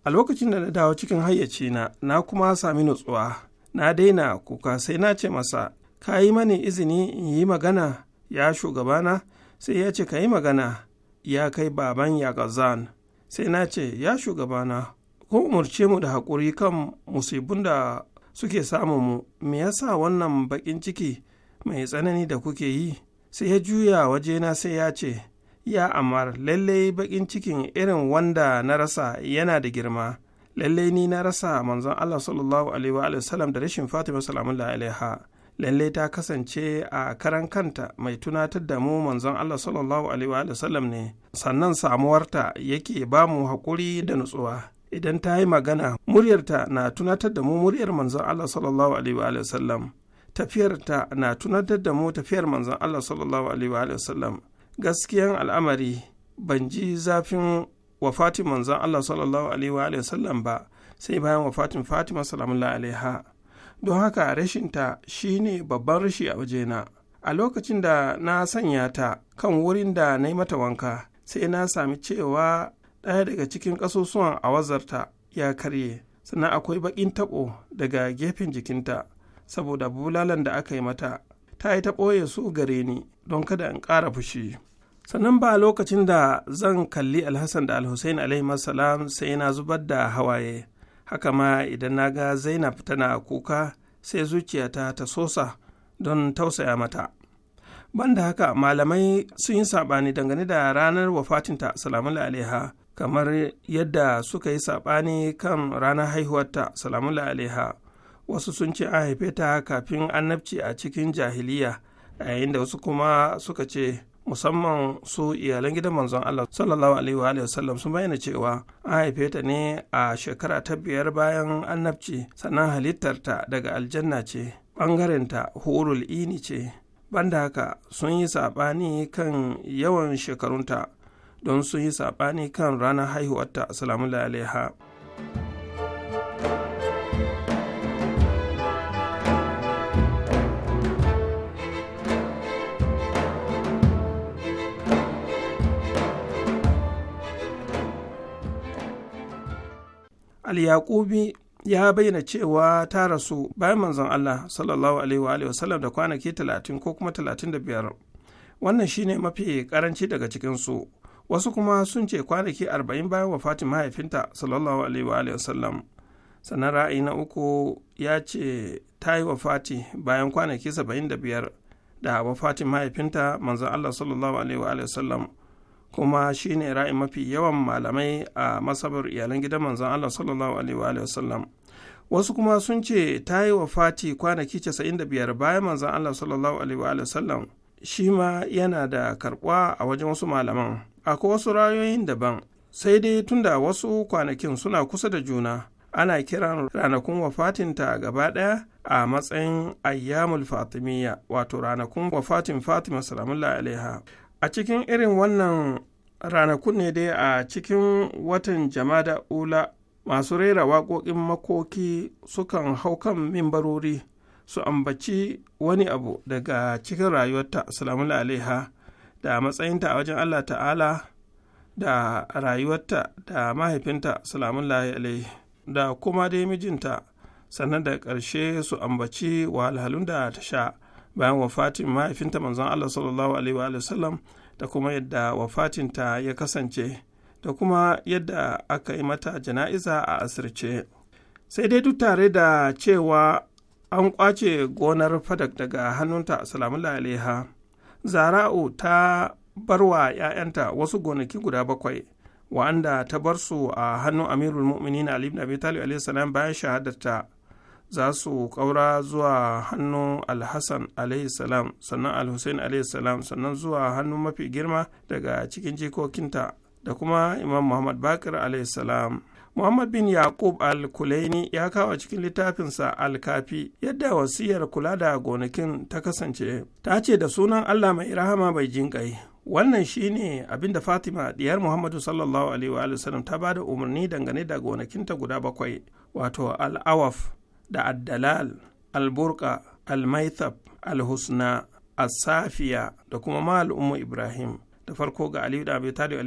a lokacin da na dawo cikin hayyacina na kuma sami nutsuwa na daina kuka sai na ce masa ka yi mani izini in yi magana ya shugabana sai ya ce ka yi magana ya kai baban yagazan sai na ce ya shugabana ko umarce mu da haƙuri kan musibin da suke samun mu me yasa wannan baƙin ciki mai tsanani da kuke yi sai ya juya wajena sai ya ce ya amar lallai baƙin cikin irin wanda na rasa yana da girma Lallai ni na rasa manzon Allah sallallahu alaihi wa sallam da rashin Fatima salamullahi alaiha lallai ta kasance a karan kanta mai tunatar da mu manzon Allah sallallahu alaihi wa sallam ne sannan samuwarta yake ba mu haƙuri da nutsuwa idan ta yi magana muryarta na tunatar da mu muryar manzon Allah sallallahu alaihi wa sallam tafiyarta na tunatar da mu tafiyar manzon Allah sallallahu alaihi wa sallam gaskiyan al'amari ban ji zafin wafatin zan Allah sallallahu alaihi wa sallam ba sai bayan wafatin Fatima salamullahi alaiha don haka rashinta shine babban rashi a waje na a lokacin da na sanya ta kan wurin da na yi mata wanka sai na sami cewa ɗaya daga cikin ƙasusuwan a awazarta ya karye sannan akwai baƙin taɓo daga gefen jikinta saboda bulalan da aka yi mata ta yi ta ɓoye su gare ni don kada in ƙara fushi sannan ba lokacin da zan kalli alhassan da alhussein alaihi sai na zubar da hawaye haka ma idan na ga zainab tana kuka sai zuciyata ta sosa don tausaya mata banda haka malamai sun yi saɓani dangane da ranar wafatinta salamu alaiha kamar yadda suka yi saɓani kan ranar haihuwarta salamu alaiha wasu sun ce an haife ta kafin annabci a cikin jahiliya yayin da wasu kuma suka ce musamman su iyalan gidan manzon Allah sallallahu alaihi wa sallam sun bayyana cewa an haife ta ne a shekara ta biyar bayan annabci sannan halittarta daga aljanna ce ɓangarenta hurul ini ce banda haka sun yi saɓani kan yawan shekarunta don sun yi saɓani kan ranar haihuwarta salamu alaiha. al ya bayyana cewa ta rasu bayan manzon Allah sallallahu alaihi wa sallam da kwanaki 30 ko kuma 35 wannan shine mafi karanci daga cikinsu wasu kuma sun ce kwanaki 40 bayan wafatin mahaifinta sallallahu alaihi wa sallam. sannan ra'ayi na uku ya ce ta yi wafati bayan kwanaki 75 da wafatin mahaifinta manzon Allah sallallahu alaihi wa sallam. kuma shi ne ra'ayi mafi yawan malamai a masabar iyalan gidan manzon Allah sallallahu alaihi wa sallam wasu kuma sun ce ta yi wa fati kwanaki 95 bayan manzon Allah sallallahu alaihi wa sallam shi ma yana da karbuwa a wajen wasu malaman akwai wasu rayoyin daban sai dai tunda wasu kwanakin suna kusa da juna ana kiran ranakun wafatinta gaba ɗaya a matsayin ayyamul fatimiyya wato ranakun wafatin fatima SalamuLlahi alaiha a cikin irin wannan ranakun ne dai a cikin watan jama'a ula masu rera waƙoƙin makoki sukan hau kan mimbarori su ambaci wani abu daga cikin rayuwarta salamun alaiha da matsayinta a wajen allah ta'ala da rayuwarta da mahaifinta salamun alaihi da kuma dai mijinta sannan da ƙarshe su ambaci wahalhalun da ta sha bayan wafatin mahaifinta manzon Allah sallallahu alaihi wa sallam da kuma yadda ta ya kasance da kuma yadda aka yi mata jana'iza a asirce sai dai duk tare da cewa an kwace gonar fadak daga hannunta salamu alaiha zara'u ta barwa 'ya'yanta wasu gonaki guda bakwai wa'anda ta bar su a hannun amirul mu'minin ali ibn abi talib alaihi salam bayan shahadarta za su ƙaura zuwa hannu alhassan salam sannan alhussein salam sannan zuwa hannun mafi girma daga cikin jikokinta da kuma imam muhammad bakir salam muhammad bin yaqub al-kulaini ya kawo cikin littafinsa al-kafi yadda wasiyar kula da gonakin ta kasance ta ce da sunan allah mai rahama bai jinƙai wannan shine abin da fatima diyar muhammadu sallallahu alaihi wa sallam ta ba da umarni dangane da gonakinta guda bakwai wato al-awaf da addalal alburka almaithab alhusna asafiya da kuma ma'al ibrahim da farko ga aliyu da abu talib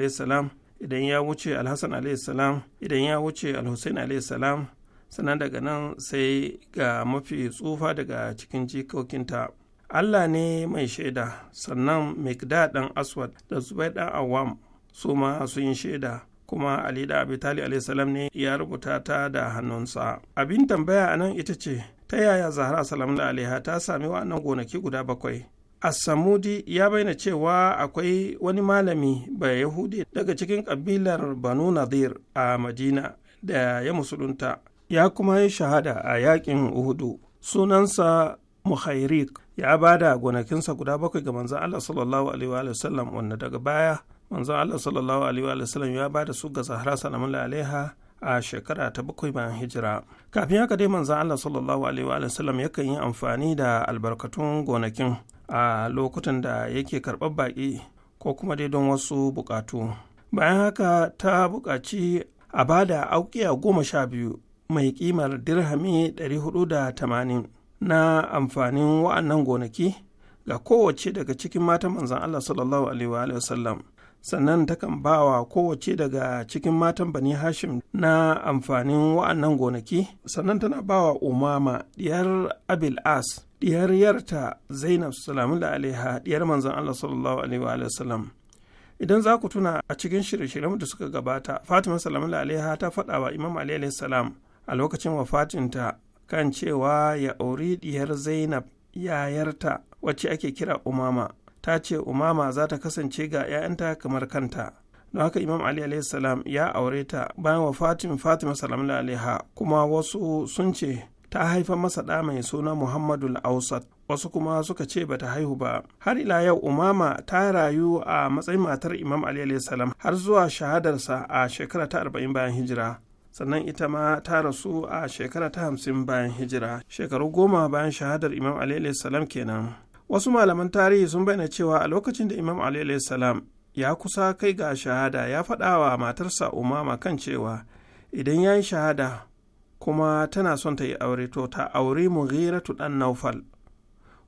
idan ya wuce alhassan idan ya wuce alhussein alaihi salam sannan daga nan sai ga mafi tsufa daga cikin jikokinta allah ne mai shaida sannan mikdad ɗan aswad da zubai dan awam su ma sun yi shaida kuma ali da abi talib ne ya rubuta ta da hannunsa abin tambaya a nan ita ce ta yaya zahra Salam da Aliha ta sami wa'annan gonaki guda bakwai As-Samudi ya bayyana cewa akwai wani malami bai Yahudi daga cikin kabilar Banu Nadir a Madina da ya musulunta, ya kuma yi shahada a yakin Uhudu. Sunansa Muhairik ya ba da gonakinsa guda bakwai ga manzan Allah sallallahu Alaihi wanda daga baya manzon Allah sallallahu alaihi wa sallam ya ba da su ga Zahra Salamun alaiha a shekara ta bakwai bayan hijira kafin haka dai manzon Allah sallallahu alaihi wa sallam yakan yi amfani da albarkatun gonakin a lokutan da yake karɓar baƙi ko kuma dai don wasu buƙatu bayan haka ta buƙaci a bada aukiya goma sha biyu mai kimar dirhami da 480 na amfanin wa'annan gonaki ga kowace daga cikin matan manzan Allah sallallahu alaihi wa sallam sannan takan ba wa kowace daga cikin matan bani hashim na amfanin wa'annan gonaki sannan tana ba wa umama diyar abil as diyar yarta zainab salamu da alaiha diyar manzon allah sallallahu alaihi wa sallam idan za ku tuna a cikin shirye-shiryen da suka gabata fatima salamu da alaiha ta faɗa wa imam ali salam a lokacin wafatinta kan cewa ya auri diyar zainab yayarta wacce ake kira umama ta ce umama za ta kasance ga 'ya'yanta kamar kanta don haka imam ali salam ya aure ta bayan wa fatim fatima salamu alaiha kuma wasu sun ce ta haifa masa ɗa mai suna muhammadu ausat wasu kuma suka ce bata haihu ba har ila yau umama ta rayu a matsayin matar imam ali salam har zuwa shahadarsa a shekara ta arba'in bayan hijira sannan ita ma ta rasu a shekara ta hamsin bayan hijira shekaru goma bayan shahadar imam ali salam kenan wasu malaman tarihi sun bayyana cewa a lokacin da imam ali salam ya kusa kai ga shahada ya faɗa wa matarsa umama kan cewa idan ya yi shahada kuma tana son ta yi aure to ta aure tu dan naufal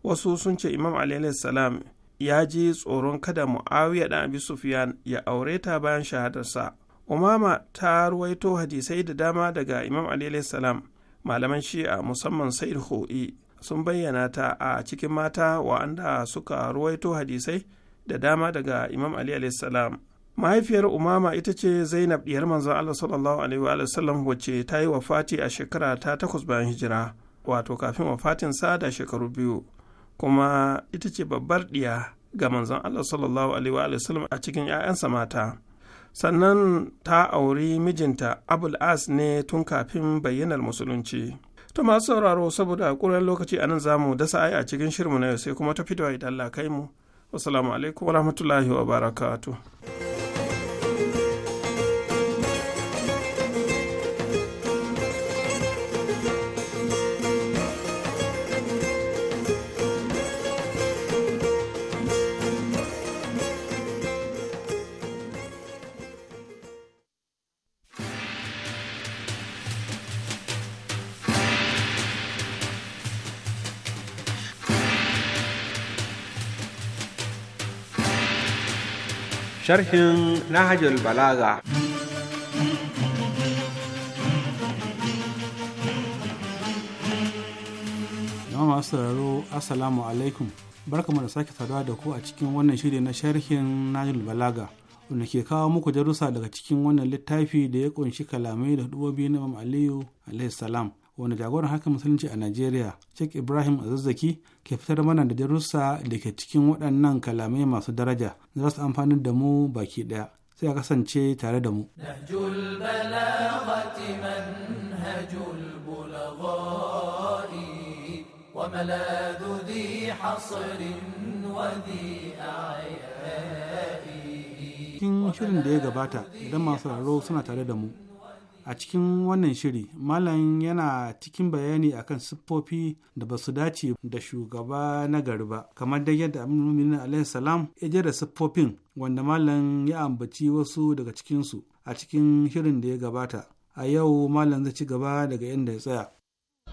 wasu sun ce imam ali salam ya ji tsoron kada muawiya dan abi sufiyan ya aure ta bayan shahadarsa umama ta ruwaito hadisai da dama daga imam ali salam malaman shi'a musamman said ho'i sun bayyana ta a cikin mata wa'anda suka ruwaito hadisai da dama daga imam ali salam mahaifiyar umama ita ce zainab diyar manzon allah sallallahu alaihi wa sallam wacce ta yi wafati a shekara ta takwas bayan hijira wato kafin wafatin sa da shekaru biyu kuma ita ce babbar diya ga manzon allah sallallahu alaihi wa sallam a cikin 'ya'yansa mata sannan ta auri mijinta abul as ne tun kafin bayyanar musulunci To masu sauraro saboda ƙuran lokaci anan za mu dasa ai a cikin shirmu na yau sai kuma ta fitowa idan Allah kai mu. Wasu alaikum wa barakatuh. sharhin Nahajul Balaga. Jama'a masu sauraro Assalamu alaikum. Barkamu da sake saduwa da ku a cikin wannan shiri na sharhin Nahajul Balaga. wanda ke kawo muku darussa daga cikin wannan littafi da ya kunshi kalamai da dubobi na Imam Aliyu alaihi salam wanda jagoran haka musulunci a najeriya sheikh ibrahim azazzaki ke fitar mana da darussa da ke cikin waɗannan kalamai masu daraja za su amfanar da mu baki ɗaya sai a kasance tare da mu وملاذ ذي حصر وذي أعياء shirin da ya gabata idan masu raro suna tare da mu a cikin wannan shiri malam yana cikin bayani akan siffofi da ba su dace da shugaba na gari ba kamar dai yadda aminu alayhi salam ya da siffofin wanda malam ya ambaci wasu daga cikinsu a cikin shirin da ya gabata a yau malam zai ci gaba daga inda ya tsaya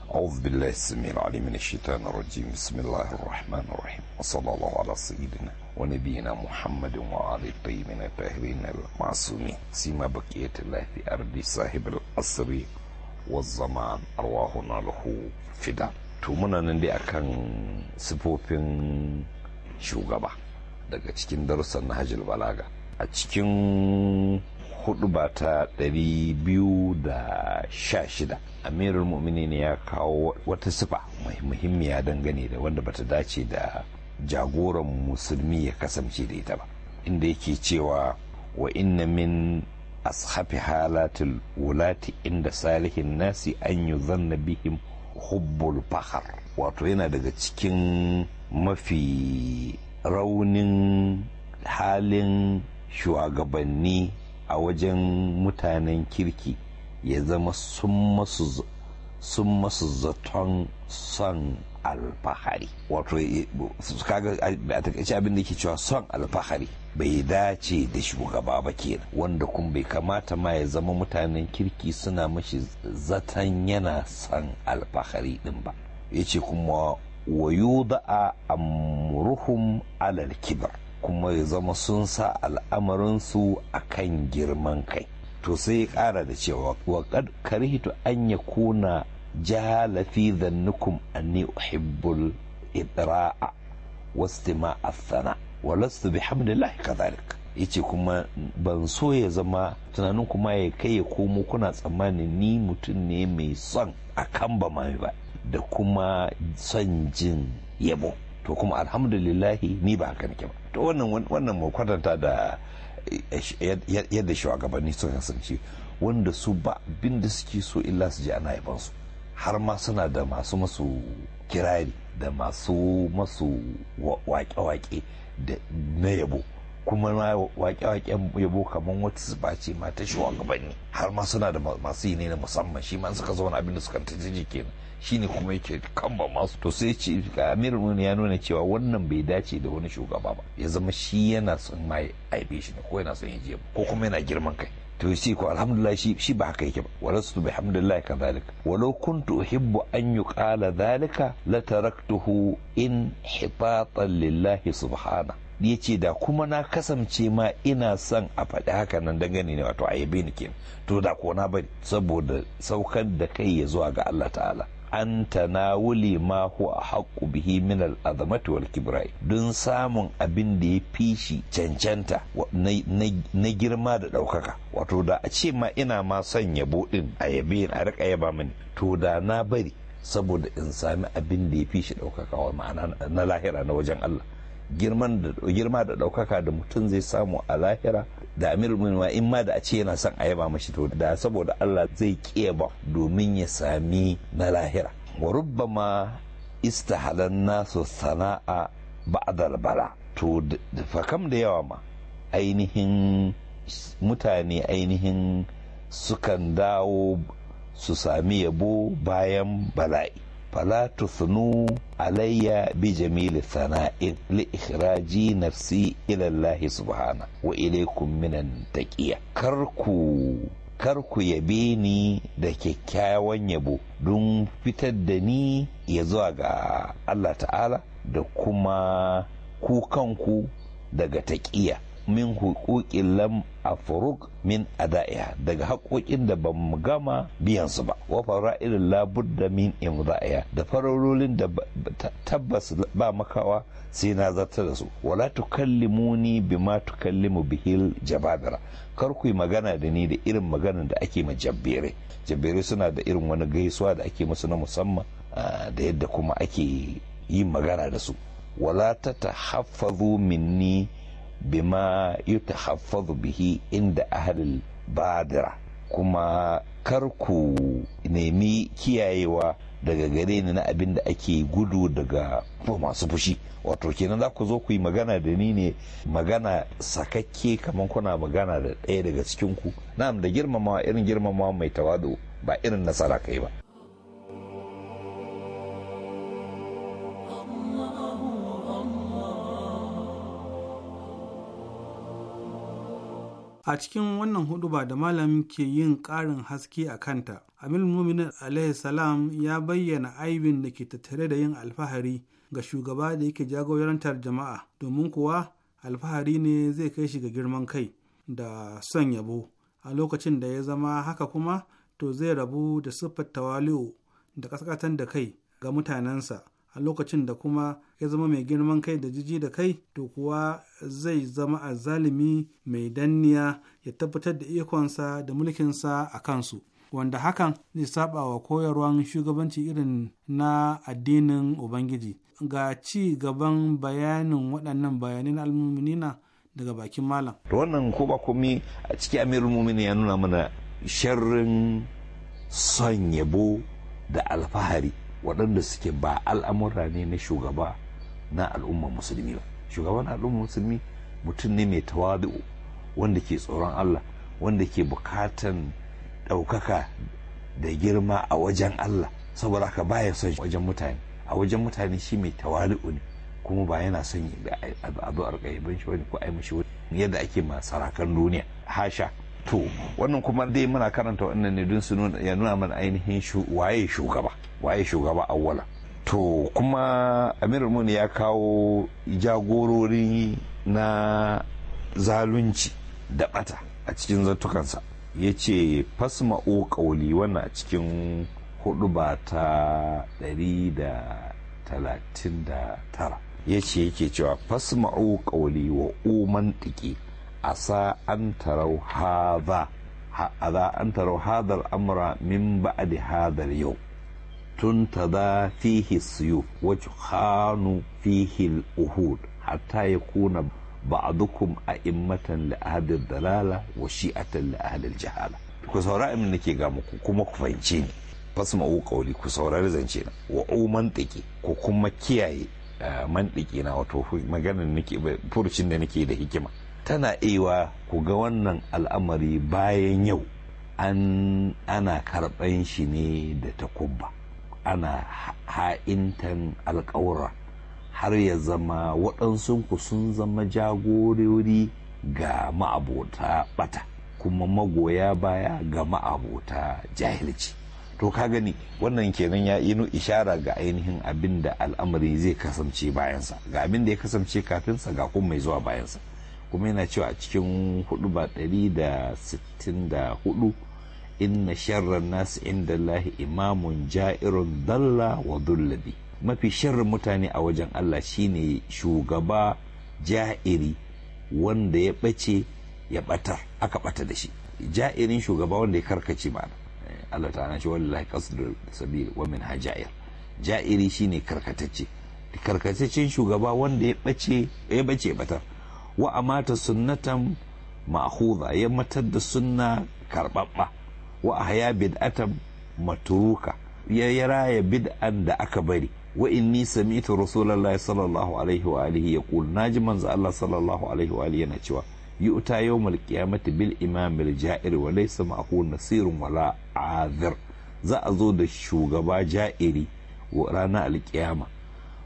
أعوذ بالله السميع العليم من الشيطان الرجيم بسم الله الرحمن الرحيم وصلى الله على سيدنا ونبينا محمد وعلى الطيبين الطاهرين المعصومين سيما بقية الله في أرض صاحب الأسر والزمان أرواحنا له فدا تومنا muna nan سبوبين akan sifofin shugaba daga cikin darussan na hajjul balaga a cikin hudu ba ta biyu da sha shida amirul mumini ne ya kawo wata sifa muhimmiya dangane da wanda bata dace da jagoran musulmi ya kasance da ita ba inda yake cewa wa inna min ashafi halatul wulati inda salihin nasi an yi zanna bihim hubbul fahar wato yana daga cikin mafi raunin halin shugabanni a wajen mutanen kirki ya zama sun masu zaton son alfahari wato eh, kaga a takaice abin da ke cewa son alfahari bai dace da shugaba ba ke wanda kun bai kamata ma ya zama mutanen kirki suna mashi zaton yana son alfahari din ba ya ce kuma wayo da'a amruhum alal kibar kuma ya zama sun sa al'amarinsu a kan girman kai to sai ya ƙara da cewa waƙad karhitu an ya kuna jahala fi zannukum anni uhibbul idra'a wastima athana walastu bihamdillahi kadhalik yace kuma ban so ya zama tunanin kuma ya kai ya komo kuna tsammani ni mutum ne mai son a kan ba mai ba da kuma son jin yabo to kuma alhamdulillahi ni ba haka nake ba to wannan wannan mu kwatanta da eh, eh, yadda shugabanni suka kasance wanda su ba bin da suke so illa su je ana yaban su har ma suna da masu masu kirari da masu masu wake-wake na yabo kuma ma wake wake yabo kamar wata zuba ce ma ta shugabanni har ma suna da masu yi ne na musamman shi ma suka zauna abinda suka ta jiki kenan shine kuma yake kan ba masu to sai ce amir ya nuna cewa wannan bai dace da wani shugaba ba ya zama shi yana son ma aibe shi ne ko yana son ya ko kuma yana girman kai to shi ko alhamdulillah shi shi ba haka yake ba walastu ka kadhalika walau kuntu uhibbu an yuqala zalika lataraktuhu in hifatan lillahi subhana. ya ce da kuma na kasance ma ina son a faɗi haka nan dangane ne wato a yabe ni to da ko na bari saboda saukar da kai ya zuwa ga Allah ta'ala an tanawuli ma huwa haƙƙu bihi min al wal kibrai don samun abin da ya fi shi cancanta na girma da ɗaukaka wato da a ce ma ina ma son yabo ɗin a yabe a rika yaba mini to da na bari saboda in sami abin da ya fi shi ɗaukaka wa ma'ana na lahira na wajen Allah girma da ɗaukaka da mutum zai samu a lahira da amir ma in ma da a ce yana son a yaba mashi to da saboda Allah zai ba domin ya sami na lahira wa rubbama istahalan nasu sana'a ba'dal bala to fa kam da yawa ma ainihin mutane ainihin sukan dawo su sami yabo bayan bala'i fala tusnu alayya bi Jamilu sana'in li ikhraji nafsi ila Allah subhana wa ilaykum minan taqiya karku karku yabe ni da kyakkyawan yabo don fitar da ni ya zuwa ga Allah ta'ala da kuma kukanku daga taƙiya. min hukukin lam afuruk min ada'iha daga haƙoƙin da ba mu gama biyan su ba wa fara'ilin labudda min za'aya da fararolin da tabbas ba makawa sai na zata da su wala tukallimuni bima tukallimu bihil jababira kar ku yi magana da ni da irin magana da ake ma jabbere jabbere suna da irin wani gaisuwa da ake musu na musamman da yadda kuma ake yin magana da su wala ta min ni bima يتحفظ bihi inda ahlul badira kuma kar ku nemi kiyayewa daga gare ni na abin da ake gudu daga masu fushi wato kenan za ku zo ku yi magana da ni ne magana sakakke kamar kuna magana da ɗaya daga cikinku na'am da girmamawa irin girmamawa mai tawado ba irin nasara kai ba a cikin wannan huduba da malam ke yin ƙarin haske a kanta amil muminin alaihi salam ya bayyana aibin da ke tattare da yin alfahari ga shugaba da yake jagorantar jama'a domin kuwa alfahari ne zai kai shi ga girman kai da son yabo a lokacin da ya zama haka kuma to zai rabu da siffar tawali'u da kaskatan da kai ga mutanensa a lokacin da kuma ya zama mai girman kai da jiji da kai to kuwa zai zama a zalimi mai danniya ya tabbatar da ikonsa da mulkinsa a kansu wanda hakan zai saba wa koyarwan shugabanci irin na addinin ubangiji ga ci gaban bayanin waɗannan bayanan almuminina daga bakin malam da wannan ko ba komi a ciki amirin ya nuna mana sharrin son yabo da alfahari waɗanda suke ba al'amura ne na shugaba na al'ummar musulmi ba shugaban al'umma musulmi mutum ne mai tawadu wanda ke tsoron Allah wanda ke bukatan ɗaukaka da girma a wajen Allah saboda haka baya son wajen mutane a wajen mutane shi mai tawadu ne kuma ba yana son abu a shi wani ko ai mashi yadda ake ma sarakan duniya hasha to wannan kuma dai muna karanta wannan ne don su ya nuna mana ainihin waye shugaba waye shugaba awwala to kuma amirul mun ya kawo jagorori na zalunci da bata a cikin zartukansa ya ce o kauli wannan a cikin hudu ba ta 139 ya ce yake cewa o kauli wa uman tiki a sa an tarau haza an tarau hadar amra min ba'adi hadar yau تنتظى فيه السيوف وتخان فيه الأهود حتى يكون بعضكم أئمة a الضلالة وشيئة لأهل الجهالة ku saurari min nake ga muku kuma ku fahimce ni fasma u kauli ku saurari zance na wa u mantiki ku kuma kiyaye eh, mantiki na wato maganar nake da nake da hikima tana iya ku ga wannan al'amari bayan yau an ana karɓan shi ne da takubba ana ha'intan alkawura har ya zama waɗansunku sun zama jagorori ga ma'abota bata kuma magoya baya ga ma'abota jahilci to ka gani wannan kenan ya inu ishara ga ainihin abin da al'amari zai kasance bayansa ga abin da ya kasance kafinsa ga kuma mai zuwa bayansa kuma yana cewa a cikin hudu ba hudu. inna sharran nas inda lahi imamun ja'irun dalla wa dullabi mafi sharrin mutane a wajen Allah shine shugaba ja'iri wanda ya bace ya batar aka bata da shi ja'irin shugaba wanda ya karkace ma Allah ta'ala shi wallahi qasdul sabil wa min hajair ja'iri shine karkatacce karkataccen shugaba wanda ya bace ya bace batar wa amata sunnatan ma'khudha ya matar da sunna karbabba wa ahya bid'atan matuka. ya ya raya bid'an da aka bari wa inni sami'tu rasulullahi sallallahu alaihi wa alihi na ji manzo Allah sallallahu alaihi wa alihi yana cewa yu'ta yawmal qiyamati bil imamil ja'ir wa ma ma'ahu nasirun wala azir za a zo da shugaba ja'iri wa ranar alkiyama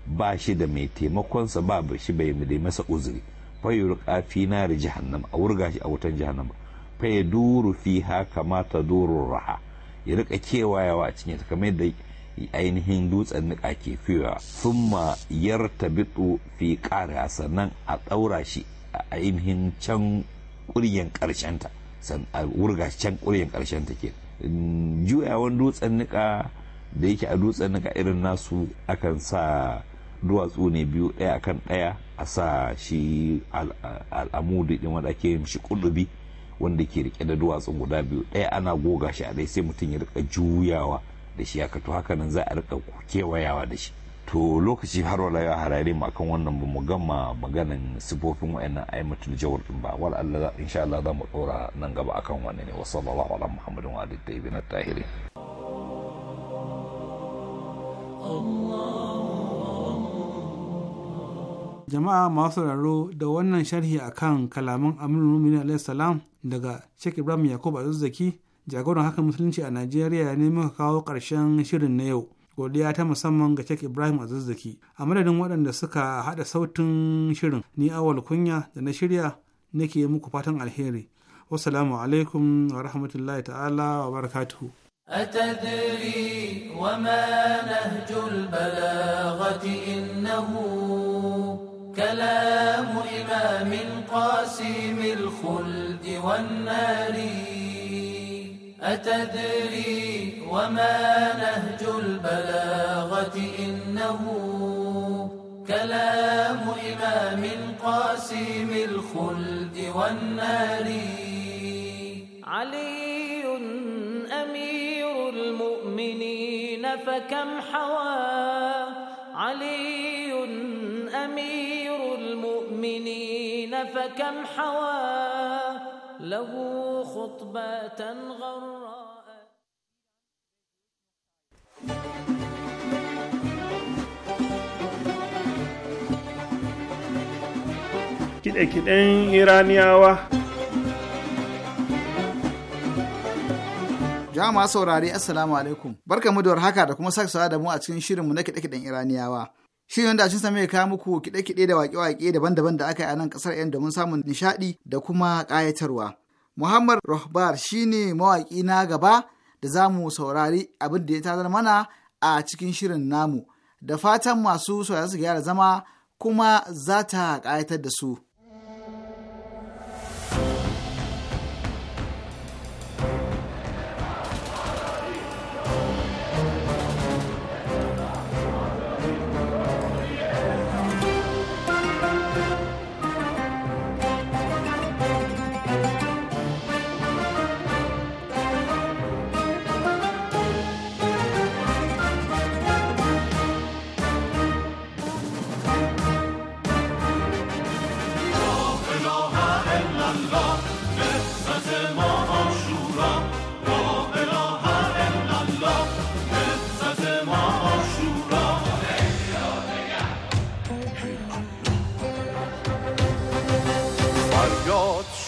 ba shi da mai taimakonsa ba shi bai da masa uzuri fayur kafi na da jahannama a wurga shi a wutan jahannama fa ya duru fi kama ta duru raha ya rika kewayawa a cinye ta kamar yadda ainihin dutsen nika ke fiwa thumma bitu fi qara sannan a daura shi a ainihin can kuryen karshen ta san a wurga can kuryen karshen ta ke juyawan dutsen nika da yake a dutsen nika irin nasu akan sa duwatsu ne biyu ɗaya akan ɗaya a sa shi al'amudu din wanda ake yin shi kudubi wanda ke rike da duwatsun guda biyu ɗaya ana goga shi a ɗaya sai mutum ya rika juyawa da shi haka to haka nan za a rika kewayawa da shi to lokaci har wala ya harare mu akan wannan ba mu gama maganan sifofin wayannan aimatul jawr din ba wal Allah insha Allah za mu dora nan gaba akan wannan ne wa sallallahu ala muhammadin wa alihi tayyibin tahirin jama'a masu raro da wannan sharhi akan kalaman aminu mumin alaihi salam daga Sheikh Ibrahim Yakubu Azuzaki jagoran hakan musulunci a Najeriya ne muka kawo ƙarshen shirin na yau. Godiya ta musamman ga Sheikh Ibrahim Azazzaki a madadin waɗanda suka haɗa sautin shirin ni awal kunya da na shirya nake muku fatan alheri. Wassalamu alaikum wa rahmatullahi ta'ala wa barakatuhu. أتدري وما نهج البلاغة إنه كلام إمام قاسم الخلد والنار أتدري وما نهج البلاغة إنه كلام إمام قاسم الخلد والنار علي أمير المؤمنين فكم حوى علي أمير المؤمنين فكم حوى له خطبة غراء kiɗe-kiɗen iraniyawa jama'a saurari assalamu alaikum barkamu da warhaka da kuma sake da mu a cikin shirinmu na kiɗe-kiɗen iraniyawa Shin da Cinsa same kawo muku kiɗe-kiɗe da waƙe-waƙe daban-daban da aka yi a nan ƙasar yan domin samun nishaɗi da kuma ƙayatarwa. Muhammad Rohbar ne mawaƙi na gaba da za mu saurari abin da ya tazar mana a cikin shirin namu. Da fatan masu saurari su gyara zama kuma za ta ƙayatar da su.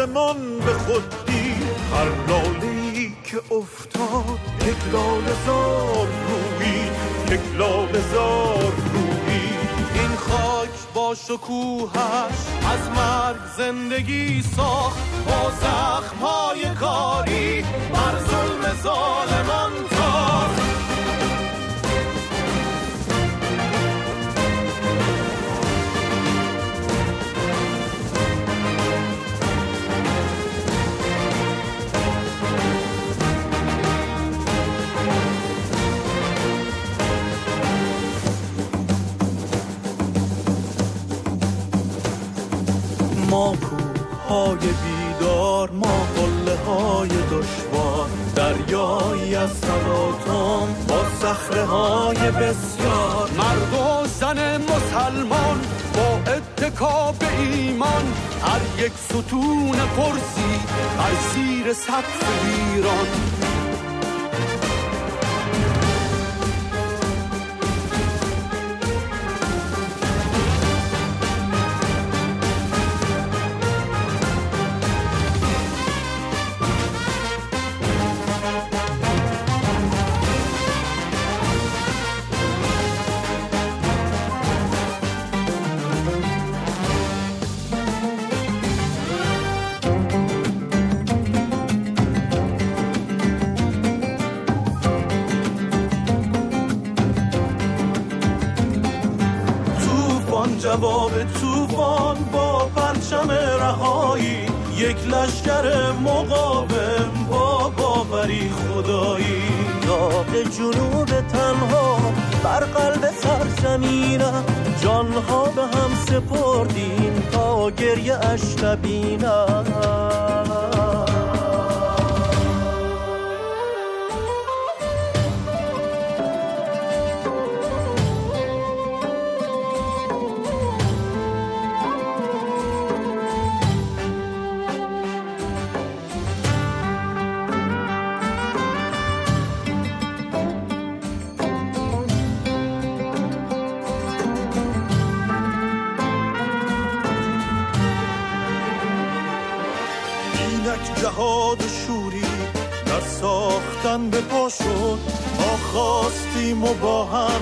آسمان به خود دید هر لالی که افتاد یک لال زار روی یک لال زار روی این خاک با شکوهش از مرگ زندگی ساخت با زخمهای کاری بر ظلم ظالمان تاخت های بیدار ما قله دشوار دریایی از با سخره های بسیار مرد و زن مسلمان با اتکاب ایمان هر یک ستون پرسی بر زیر سطح ایران جواب توفان با پرچم رهایی یک لشکر مقاوم با باوری خدایی داغ جنوب تنها بر قلب سرزمینم جانها به هم سپردیم تا گریه اش انداختن به پا شد ما و با هم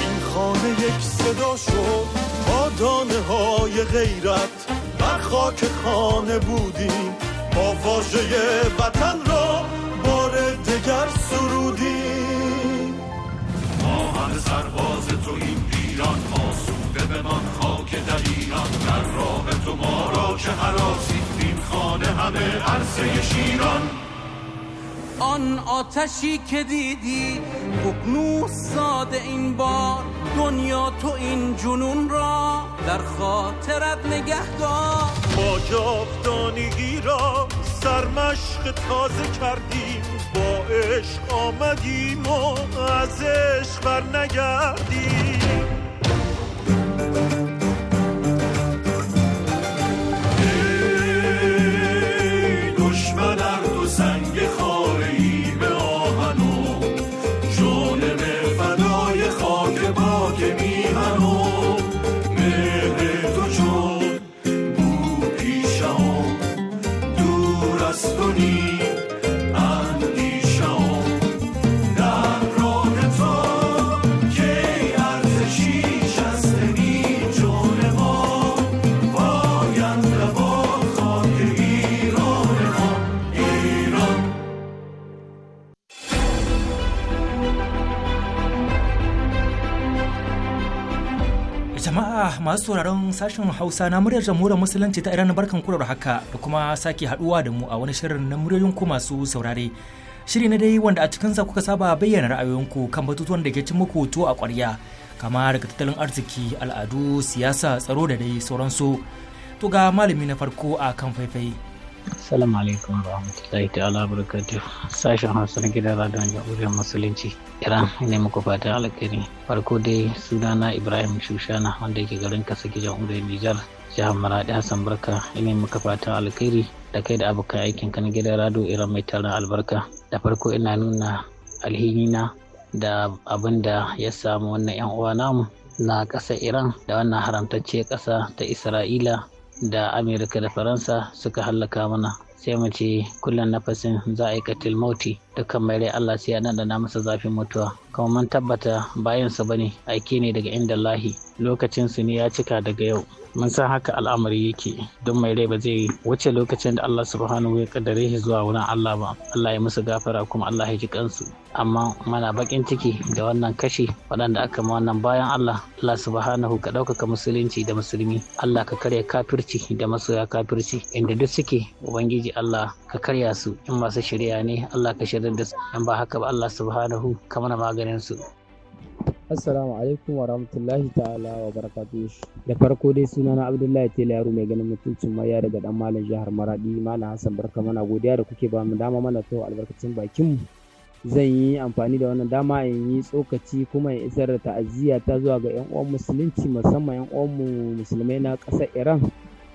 این خانه یک صدا شد با دانه های غیرت بر خاک خانه بودیم ما واژه وطن را بار دگر سرودیم ما هم سرباز تو این ایران آسوده به من خاک در ایران در تو ما را چه حراسید این خانه همه عرصه شیران آن آتشی که دیدی ققنوس ساده این بار دنیا تو این جنون را در خاطرت نگه دار با جاودانگی را سرمشق تازه کردیم با عشق آمدیم و از عشق نگردیم masu sauraron sashen Hausa na muryar jamhuriyar musulunci ta Iran barkan da haka da kuma sake haduwa da mu a wani shirin na muryoyin ku masu saurare. Shiri na dai wanda a cikinsa kuka saba bayyana ra'ayoyinku kan batutuwan da ke cin muku to a ƙwarya kama daga tattalin arziki, al'adu, siyasa, tsaro da dai sauransu. To ga malami na farko a kan faifai. Assalamu alaikum wa rahmatullahi ta'ala barakatu. Sashen Hausa na gidan radon jamhuriyar Musulunci. Iran ne muku fata alkhairi. Farko dai sunana Ibrahim Shushana wanda yake garin kasa Kasaki jamhuriyar Nijar. Jihar Maradi Hassan Barka ne muka fata alkhairi da kai da abokan aikin kan gidan rado Iran mai taron albarka. Da farko ina nuna alhinina da abin da ya samu wannan 'yan uwa namu na ƙasar Iran da wannan haramtacce ƙasa ta Isra'ila da amerika da faransa suka hallaka mana sai mu ce kullum nafasin za a yi katil mauti dukkan mai rai Allah sai ya na masa zafin mutuwa kuma mun tabbata bayan su bane aike ne daga inda lahi lokacin su ne ya cika daga yau mun san haka al'amari yake don mai rai ba zai wuce lokacin da Allah subhanahu ya kaddare shi zuwa wurin Allah ba Allah ya musu gafara kuma Allah ya ji kansu amma mana bakin ciki da wannan kashi waɗanda aka ma wannan bayan Allah Allah subhanahu ka ɗaukaka musulunci da musulmi Allah ka karya kafirci da masoya kafirci inda duk suke ubangiji Allah ka karya su in masu shari'a ne Allah ka shirya da in ba haka ba Allah subhanahu kamar maganin su Assalamu alaikum wa rahmatullahi ta'ala wa barakatuhu. Da farko dai suna na Abdullahi Tela yaro mai ganin mutuncin maya daga dan malam jihar Maradi Malam Hassan Barka mana godiya da kuke ba mu dama mana to albarkacin bakin mu. Zan yi amfani da wannan dama in yi tsokaci kuma in isar da ta'aziyya ta zuwa ga 'yan uwan musulunci musamman 'yan uwan mu musulmai na ƙasar Iran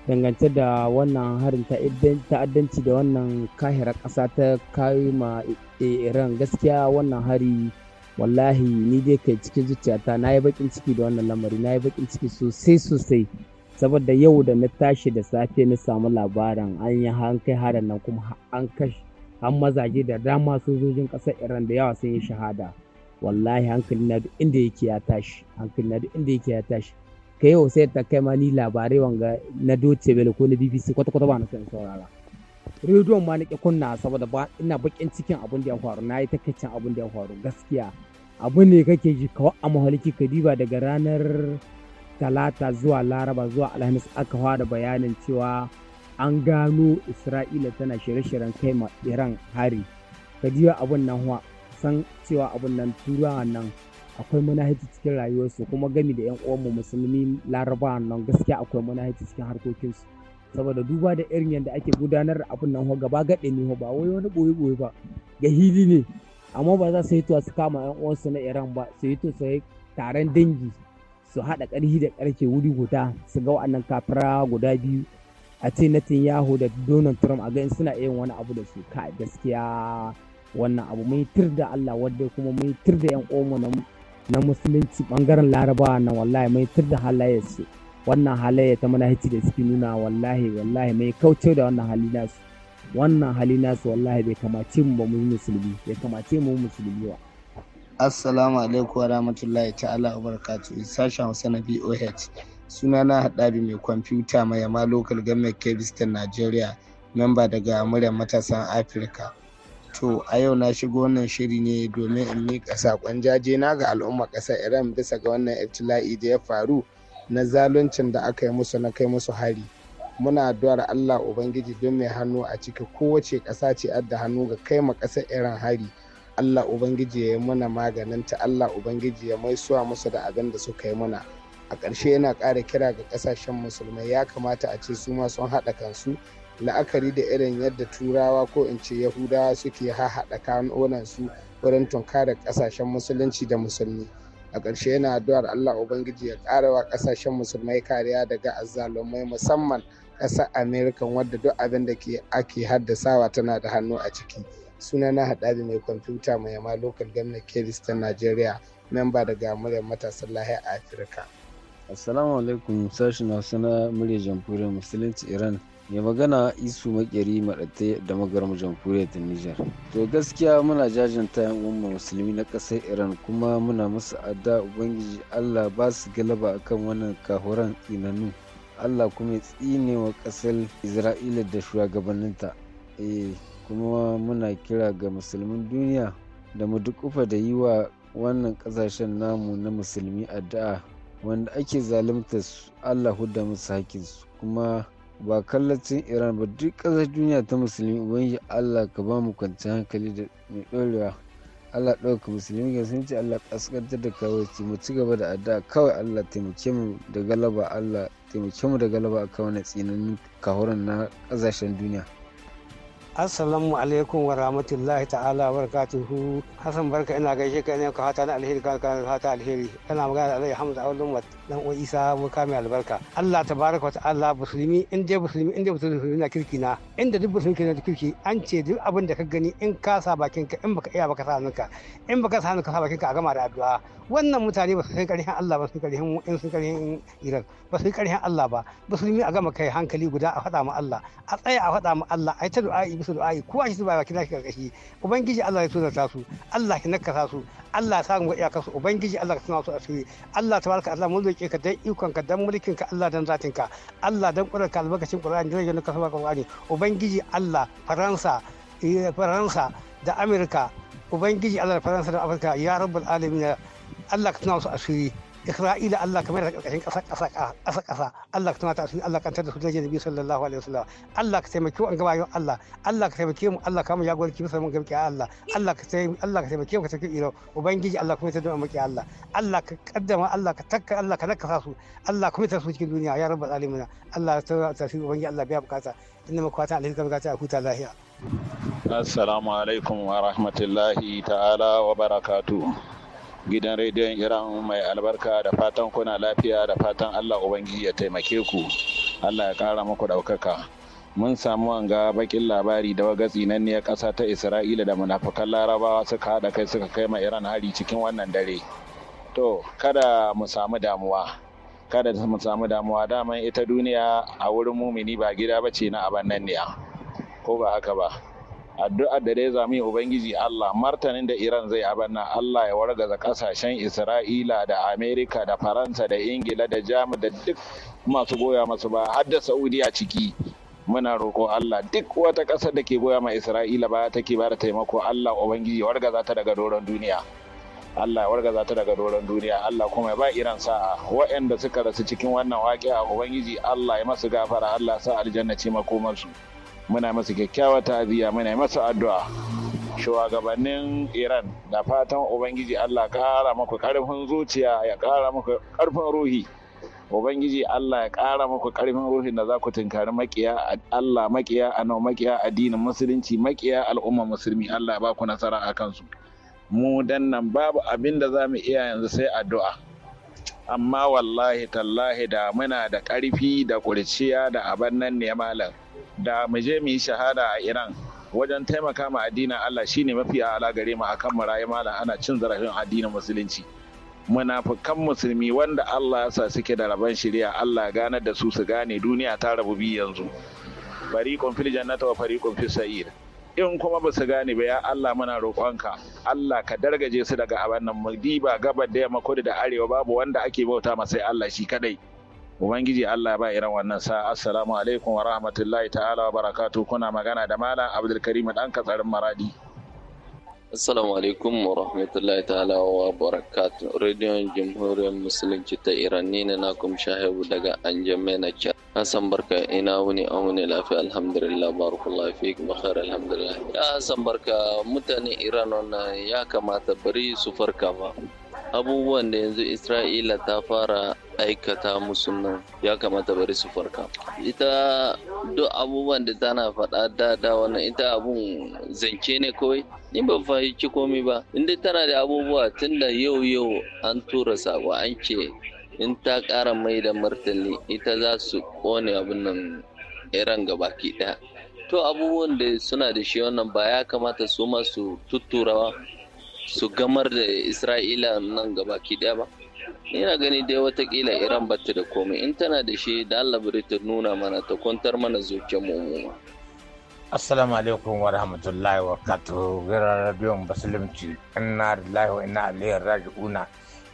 dangance da wannan harin ta'addanci da wannan kahira ƙasa ta kayi ma eh, iran gaskiya wannan hari wallahi ni dai kai cikin zuciyata na yi bakin ciki da wannan lamari na yi bakin ciki sosai sosai saboda yau da na tashi da safe na samu labarin an yi an kai harin nan kuma an kashi an mazaje da dama sojojin ƙasar iran da yawa sun yi shahada wallahi hankali hankali na duk inda yake ya tashi ka yau sai ta kai ni labarai wanga na doce bele ko na bbc kwata-kwata ba na son saurara rediyon ma nake kunna saboda ba ina bakin cikin abin da ya faru na yi takaicin abin da ya faru gaskiya abin ne kake ji kawai a mahaliki ka diba daga ranar talata zuwa laraba zuwa alhamis aka fara bayanin cewa an gano isra'ila tana shirye-shiryen kai ma iran hari ka diba abin nan san cewa abin nan turawa nan akwai manhaji cikin rayuwarsu kuma gami da 'yan uwanmu musulmi laraba nan gaskiya akwai manhaji cikin harkokinsu saboda duba da irin yadda ake gudanar da abin nan gaba gaɗe ne ba wai wani boye boye ba ga hili ne amma ba za su yi su kama 'yan uwansu na iran ba su yi to su yi taron dangi su haɗa ƙarfi da ƙarfe wuri guda su ga wa'annan kafira guda biyu a ce na yahu da Donald Trump a ganin suna yin wani abu da su ka gaskiya wannan abu mai tir da Allah wadda kuma mai tir da 'yan uwanmu na na musulunci bangaren larabawa nan wallahi mai tur da su wannan halayya ta manahici da suke nuna wallahi wallahi mai kaucewa da wannan hali nasu wannan hali nasu wallahi bai kamace mu ba mu musulmi bai kamace mu musulmi ba assalamu alaikum wa rahmatullahi ta'ala wa barakatuh sashen hausa na boh suna na haɗari mai kwamfuta mai yama local government kebistan nigeria memba daga muryar matasan afirka To a yau na shigo wannan shiri ne domin in miƙa saƙon jaje na ga al'umma ƙasar Iran bisa ga wannan iftila'i da ya faru na zaluncin da aka yi musu na kai musu hari. Muna addu'ar Allah Ubangiji don mai hannu a ciki kowace ƙasa ce adda hannu ga kai ma ƙasar Iran hari. Allah Ubangiji ya yi mana ta Allah Ubangiji ya mai suwa musu da abin da suka yi mana. A ƙarshe yana ƙara kira ga ƙasashen musulmai ya kamata a ce su ma sun haɗa kansu la'akari da irin yadda turawa ko in ce yahudawa suke hahaɗa kanonan su wurin tunkarar ƙasashen musulunci da musulmi a ƙarshe yana addu'ar allah ubangiji ya ƙara wa ƙasashen musulmai kariya daga azzalumai musamman ƙasar america wadda duk abin da ake haddasawa tana da hannu a ciki suna na da mai kwamfuta mai yama lokal government kebis ta nigeria memba daga muryar matasan a afirka assalamu alaikum sashen hausa na muryar jamhuriyar musulunci iran mai magana isu makeri maɗate da magaram jamhuriyar ta nijar to gaskiya muna jajanta yan umma musulmi na kasar iran kuma muna musu adda ubangiji allah ba su galaba akan wannan kahoran tsinanu allah kuma ya tsine wa ƙasar isra'ila da shugabanninta eh kuma muna kira ga musulmin duniya da mu dukufa da yi wannan ƙasashen namu na musulmi addu'a wanda ake zalunta su allah hudda musu kuma ba kallacin iran ba duk ƙasar duniya ta musulmi ubangiji allah ka ba mu kwanciyar hankali da mai ɗorewa allah ɗauka musulmi ga sun ce allah ƙasƙantar da kawai mu ci gaba da addu'a kawai allah taimake mu da galaba allah taimake mu da galaba akan wani tsinanin kahuran na ƙasashen duniya assalamu alaikum wa rahmatullahi ta'ala wa barakatuhu hassan barka ina gaishe ka ne ka hata na alheri ka hata alheri kana magana da alai hamza aulun umar. dan uwan isa boka mai albarka allah tabaraka wa ta'ala musulmi in dai musulmi in dai musulmi na kirki na da duk musulmi na kirki an ce duk abin da ka gani in ka sa bakin ka in baka iya baka sa hannunka in baka sa hannunka sa bakin ka a gama da addu'a wannan mutane ba su san karhin allah ba su karhin in sun karhin iran ba su karhin allah ba musulmi a gama kai hankali guda a faɗa ma allah a tsaya a faɗa ma allah a yi ta du'a'i bisa du'a'i kowa shi su ba bakin shi karkashi ubangiji allah ya tunanta su allah ya nakasa su Allah sa mu iyakar su ubangiji Allah ka tuna su asiri Allah tabaraka Allah mun roke ka dan ikon ka dan mulkin ka Allah dan zatin ka Allah dan kurar ka albakacin Qur'ani da yake ka saba Qur'ani ubangiji Allah Faransa eh, Faransa da Amurka ubangiji Allah da Faransa da Afirka ya rabbul alamin Allah ka tuna su asiri Isra'ila Allah kamar da karkashin ƙasa ƙasa ƙasa ƙasa Allah ka tunata asiri Allah ka tantar da su darajar Nabi sallallahu alaihi wasallam Allah ka taimake mu an gaba yau Allah Allah ka taimake mu Allah ka mu jagoranci bisa mun gamki Allah Allah ka taimake Allah ka taimake mu ka taimake ilo ubangiji Allah kuma ta dama maki Allah Allah ka kaddama Allah ka takka Allah ka nakasa su Allah kuma ta su cikin duniya ya rabbal alamin Allah ta tasiri ubangiji Allah biya bukata inna makwata alaihi bukata a huta lahiya assalamu alaikum wa rahmatullahi ta'ala wa barakatuh gidan rediyon iran mai albarka da fatan kuna lafiya da fatan allah ubangiji ya taimake ku allah ya kara muku daukaka mun samu wanga bakin labari da waga tsinanniyar ne ƙasa ta isra'ila da munafukan larabawa suka haɗa kai suka kai ma iran hari cikin wannan dare to kada mu samu damuwa kada mu samu damuwa daman ita duniya a wurin mumini ba gida bace na abannan ne ko ba haka ba addu'ar da dai zami ubangiji Allah martanin da Iran zai abanna Allah ya wargaza kasashen Isra'ila da Amerika da Faransa da Ingila da Jamus da duk masu goya masu ba har da Saudiya ciki muna roƙo Allah duk wata ƙasar da ke goya ma Isra'ila ba ta ke bada taimako Allah ubangiji ya wargaza ta daga doron duniya Allah ya wargaza ta daga doron duniya Allah kuma ya ba iran sa'a waɗanda suka rasu cikin wannan waƙi a ubangiji Allah ya masu gafara Allah sa aljanna ce makomansu. muna masa kyakkyawa ta'aziyya muna masa addu'a shugabannin iran da fatan ubangiji allah kara maku karfin zuciya ya kara maku karfin ruhi ubangiji allah ya kara maku karfin ruhi da za ku tunkari makiya allah makiya anau makiya addinin musulunci makiya al'umma musulmi allah ya ku nasara a kansu mu dan nan babu abin da za mu iya yanzu sai addu'a amma wallahi tallahi da muna da karfi da kurciya da abannan nan ne malam da mu je mu yi shahada a Iran wajen taimaka ma addinin Allah shine mafi ala gare mu akan mu rayu malam ana cin zarafin addinin musulunci munafukan musulmi wanda Allah ya sa suke da rabon shari'a Allah ganar da su su gane duniya ta rabu bi yanzu fariqun fil jannati wa fariqun fis sa'ir in kuma ba su gane ba ya Allah muna roƙonka Allah ka dargaje su daga abannan madiba gabar da yamma kudu da arewa babu wanda ake bauta masa sai Allah shi kadai Ubangiji Allah ba irin wannan sa assalamu alaikum wa rahmatullahi ta'ala wa barakatu kuna magana da Abdul Abdulkarim dan katsarin maradi. Assalamu alaikum wa rahmatullahi ta'ala wa barakatu. Radio Jamhuriyar Musulunci ta Iran ne na nakum shahibu daga Anjame na Chad. Hassan barka ina wuni an wuni lafiya alhamdulillah barakallahu fik khair alhamdulillah. Ya Hassan barka mutanen Iran wannan ya kamata bari su farka ba. abubuwan da yanzu isra'ila ta fara aikata musu nan ya kamata bari su farka ita duk abubuwan da tana faɗa da da wannan ita abun zance ne kawai ni ban fahimci komai ba inda tana da abubuwa tunda da yau yau an tura sako an ce in ta ƙara mai da martani ita za su ƙone abin nan iran gabaki ɗaya to abubuwan da suna da shi wannan ba ya kamata su masu tutturawa su gamar da isra'ila nan gabaki daya ba ina gani dai watakila iran bata da komai in tana da shi da allah ta nuna mana ta kwantar mana zuciyar mu assalamu alaikum wa rahmatullahi wa kato gira radiyon musulunci inna lillahi wa inna ilaihi raji'una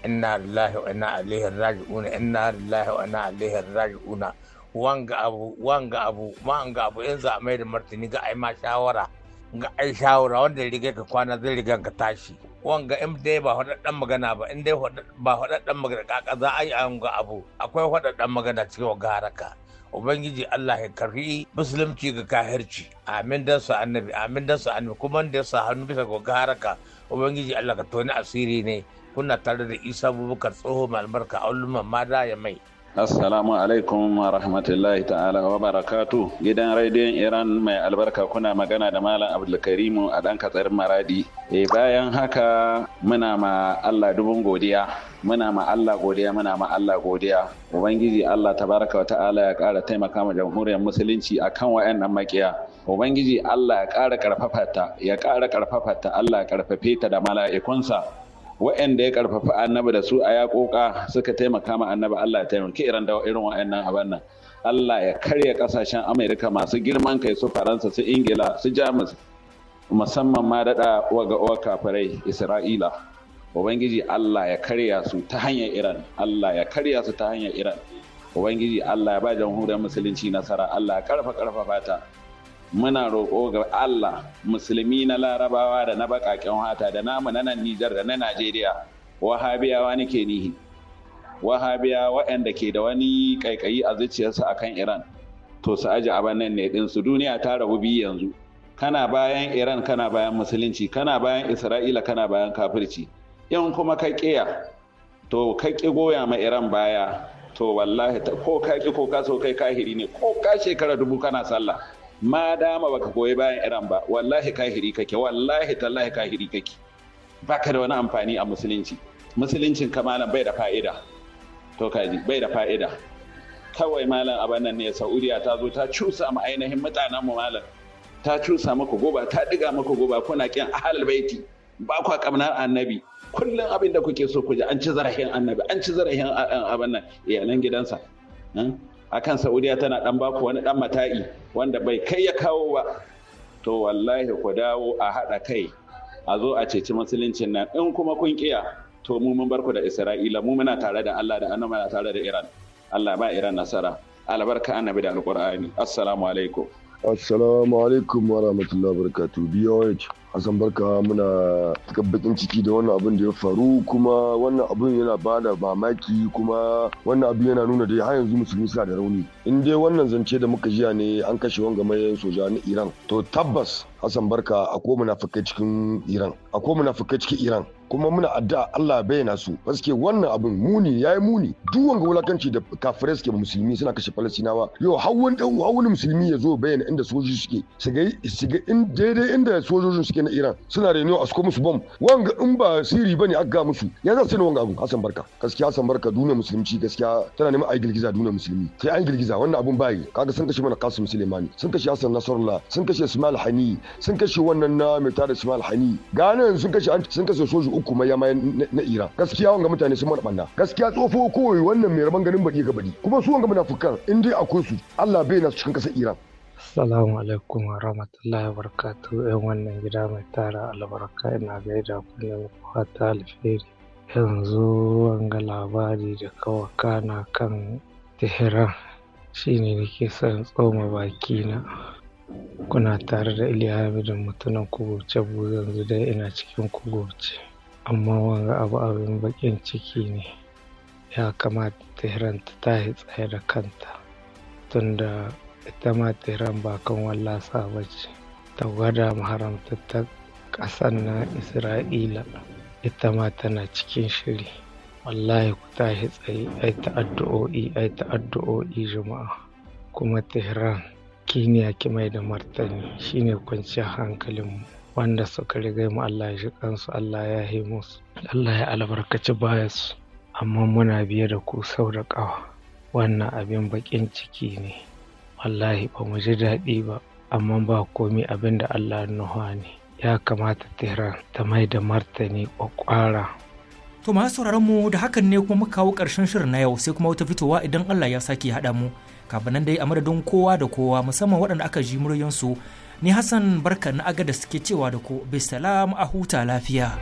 inna lillahi wa inna ilaihi raji'una inna lillahi wa inna ilaihi raji'una wanga abu wanga abu wanga abu yanzu a mai da martini ga ai ma shawara ga ai shawara wanda riga ka kwana zai riga ka tashi wanga in dai ba hudaddan magana ba in dai ba hudaddan magana kaka za a yi ga abu akwai hudaddan magana cikin wanga haraka ubangiji Allah ya karri musulunci ga kahirci amin dan su annabi amin dan su annabi kuma da ya sa hannu bisa ga haraka ubangiji Allah ka toni asiri ne kuna tare da Isa Abubakar tsoho malmarka a ulumar mada ya mai Assalamu alaikum wa rahmatullahi ta'ala wa barakatu. Gidan rediyon Iran mai albarka kuna magana da Malam Abdulkarimu a ɗan katsar Maradi. E bayan haka muna ma Allah dubun godiya. Muna ma Allah godiya muna ma Allah godiya. Ubangiji Allah ta baraka wa ta'ala ya ƙara taimaka ma jamhuriyar musulunci a akan wayannan makiya. Ubangiji Allah ya ƙara ƙarfafa ta, ya ƙara ƙarfafa ta, Allah ya ƙarfafe ta da mala'ikunsa. wa'anda ya karfafa annabi da su a yaƙoƙa suka taimaka ma annabi Allah ya taimaki irin da irin wa'annan abin nan Allah ya karya kasashen Amerika masu girman kai su Faransa su Ingila su Jamus musamman ma daɗa waga uwa kafirai Isra'ila Ubangiji Allah ya karya su ta hanyar Iran Allah ya karya su ta hanyar Iran Ubangiji Allah ya ba jamhuriyar musulunci nasara Allah ya karfa karfafa ta muna roƙo ga Allah musulmi na larabawa da na baƙaƙen hata da namu na nan Nijar da na Najeriya wahabiyawa nake nihi wahabiya waɗanda ke da wani ƙaiƙayi a zuciyarsu akan Iran to su aji nan ne ɗin su duniya ta rabu biyu yanzu kana bayan Iran kana bayan musulunci kana bayan Isra'ila kana bayan kafirci Yan kuma ka ƙiya to ka ƙi goya ma Iran baya to wallahi ko ka ƙi ko ka so kai kahiri ne ko ka shekara dubu kana sallah ma dama baka goyi bayan Iran ba wallahi kahiri kake wallahi tallahi kahiri kake baka da wani amfani a musulunci musuluncin ka malam bai da fa'ida to kaji bai da fa'ida kawai malam a nan ne Saudiya ta zo ta cusa mu ainihin mutanen mu malam ta cusa muku goba ta diga muku goba kuna kin ahlul baiti ba ku kamnar annabi kullum abin da kuke so ku ji an ci zarahin annabi an ci zarahin eh, abin nan iyalan gidansa hmm? akan saudiya tana dan baku wani dan mata'i wanda bai kai ya kawo ba to wallahi ku dawo a haɗa kai a zo a ceci musuluncin nan in kuma kun kiya to mu mun barku da isra'ila mu muna tare da allah da annabi muna tare da iran allah ba iran nasara albarka annabi da alqur'ani assalamu alaikum assalamu alaikum wa rahmatullahi wa barakatuh Hassan barka muna bakin ciki da wannan abin da ya faru kuma wannan abin yana ba da mamaki kuma wannan abin yana nuna dai har yanzu musulmi suna da rauni in dai wannan zance da muka jiya ne an kashe wanga mai soja na Iran to tabbas Hassan barka akwai munafukai cikin Iran akwai munafukai cikin Iran kuma muna addu'a Allah ya bayyana su gaske wannan abin muni yayi muni duk wanga wulakanci da kafirai suke musulmi suna kashe falastinawa yau har wani dan har wani musulmi ya zo bayyana inda sojoji suke su ga su ga in daidai inda sojojin suke na Iran suna reno a suko musu bomb wanga in ba siri bane aka ga musu ya za su wanga abu Hassan Barka gaskiya Hassan Barka duniyar musulunci gaskiya tana neman ayi girgiza duniyar musulmi sai an girgiza wannan abun bai kaga sun kashe mana Qasim Suleimani sun kashe Hassan Nasrullah sun kashe Ismail Hani sun kashe wannan na mai tada Ismail Hani ga nan sun kashe sun kashe sojoji kuma ya mayar na Iran gaskiya wanga mutane sun mana gaskiya tsofo kowai wannan mai rabon ganin baki ga baki kuma su wanga munafukan in dai akwai su Allah bai na cikin kasar Iran Assalamu alaikum wa rahmatullahi wa barakatu ‘yan wannan gida mai tara albarka ina gaida kullum fata alheri yanzu wanga labari da kawaka na kan Tehran shine nake son tsoma baki na kuna tare da Iliya da mutumin Kugoce yanzu dai ina cikin Kugoce. amma wanga abu abin bakin ciki ne ya kamata tehran ta tahi tsaye da kanta tunda ita ma tehran ba kan wallasa ba ce ta gwada haramta ta ƙasar na isra'ila ita ma tana cikin shiri wallahi ku tashi tsaye ai ta'addu'o'i ai ta'addu'o'i juma'a. kuma tehran kiniya ki mai da martani shine kwanciyar hankalinmu wanda suka riga mu Allah ya kansu Allah ya yi musu Allah ya albarkaci bayansu amma muna biye da ku sau da ƙawa wannan abin baƙin ciki ne wallahi ba mu ji daɗi ba amma ba komi abin da Allah nuha ne ya kamata Tehran ta mai da martani ƙwaƙwara To masu sauraron mu da hakan ne kuma muka kawo ƙarshen shirin na yau sai kuma wata fitowa idan Allah ya sake haɗa mu. Kafin nan dai a madadin kowa da kowa musamman waɗanda aka ji muryansu ni hassan barka na agada suke cewa da ku bisalam a huta lafiya.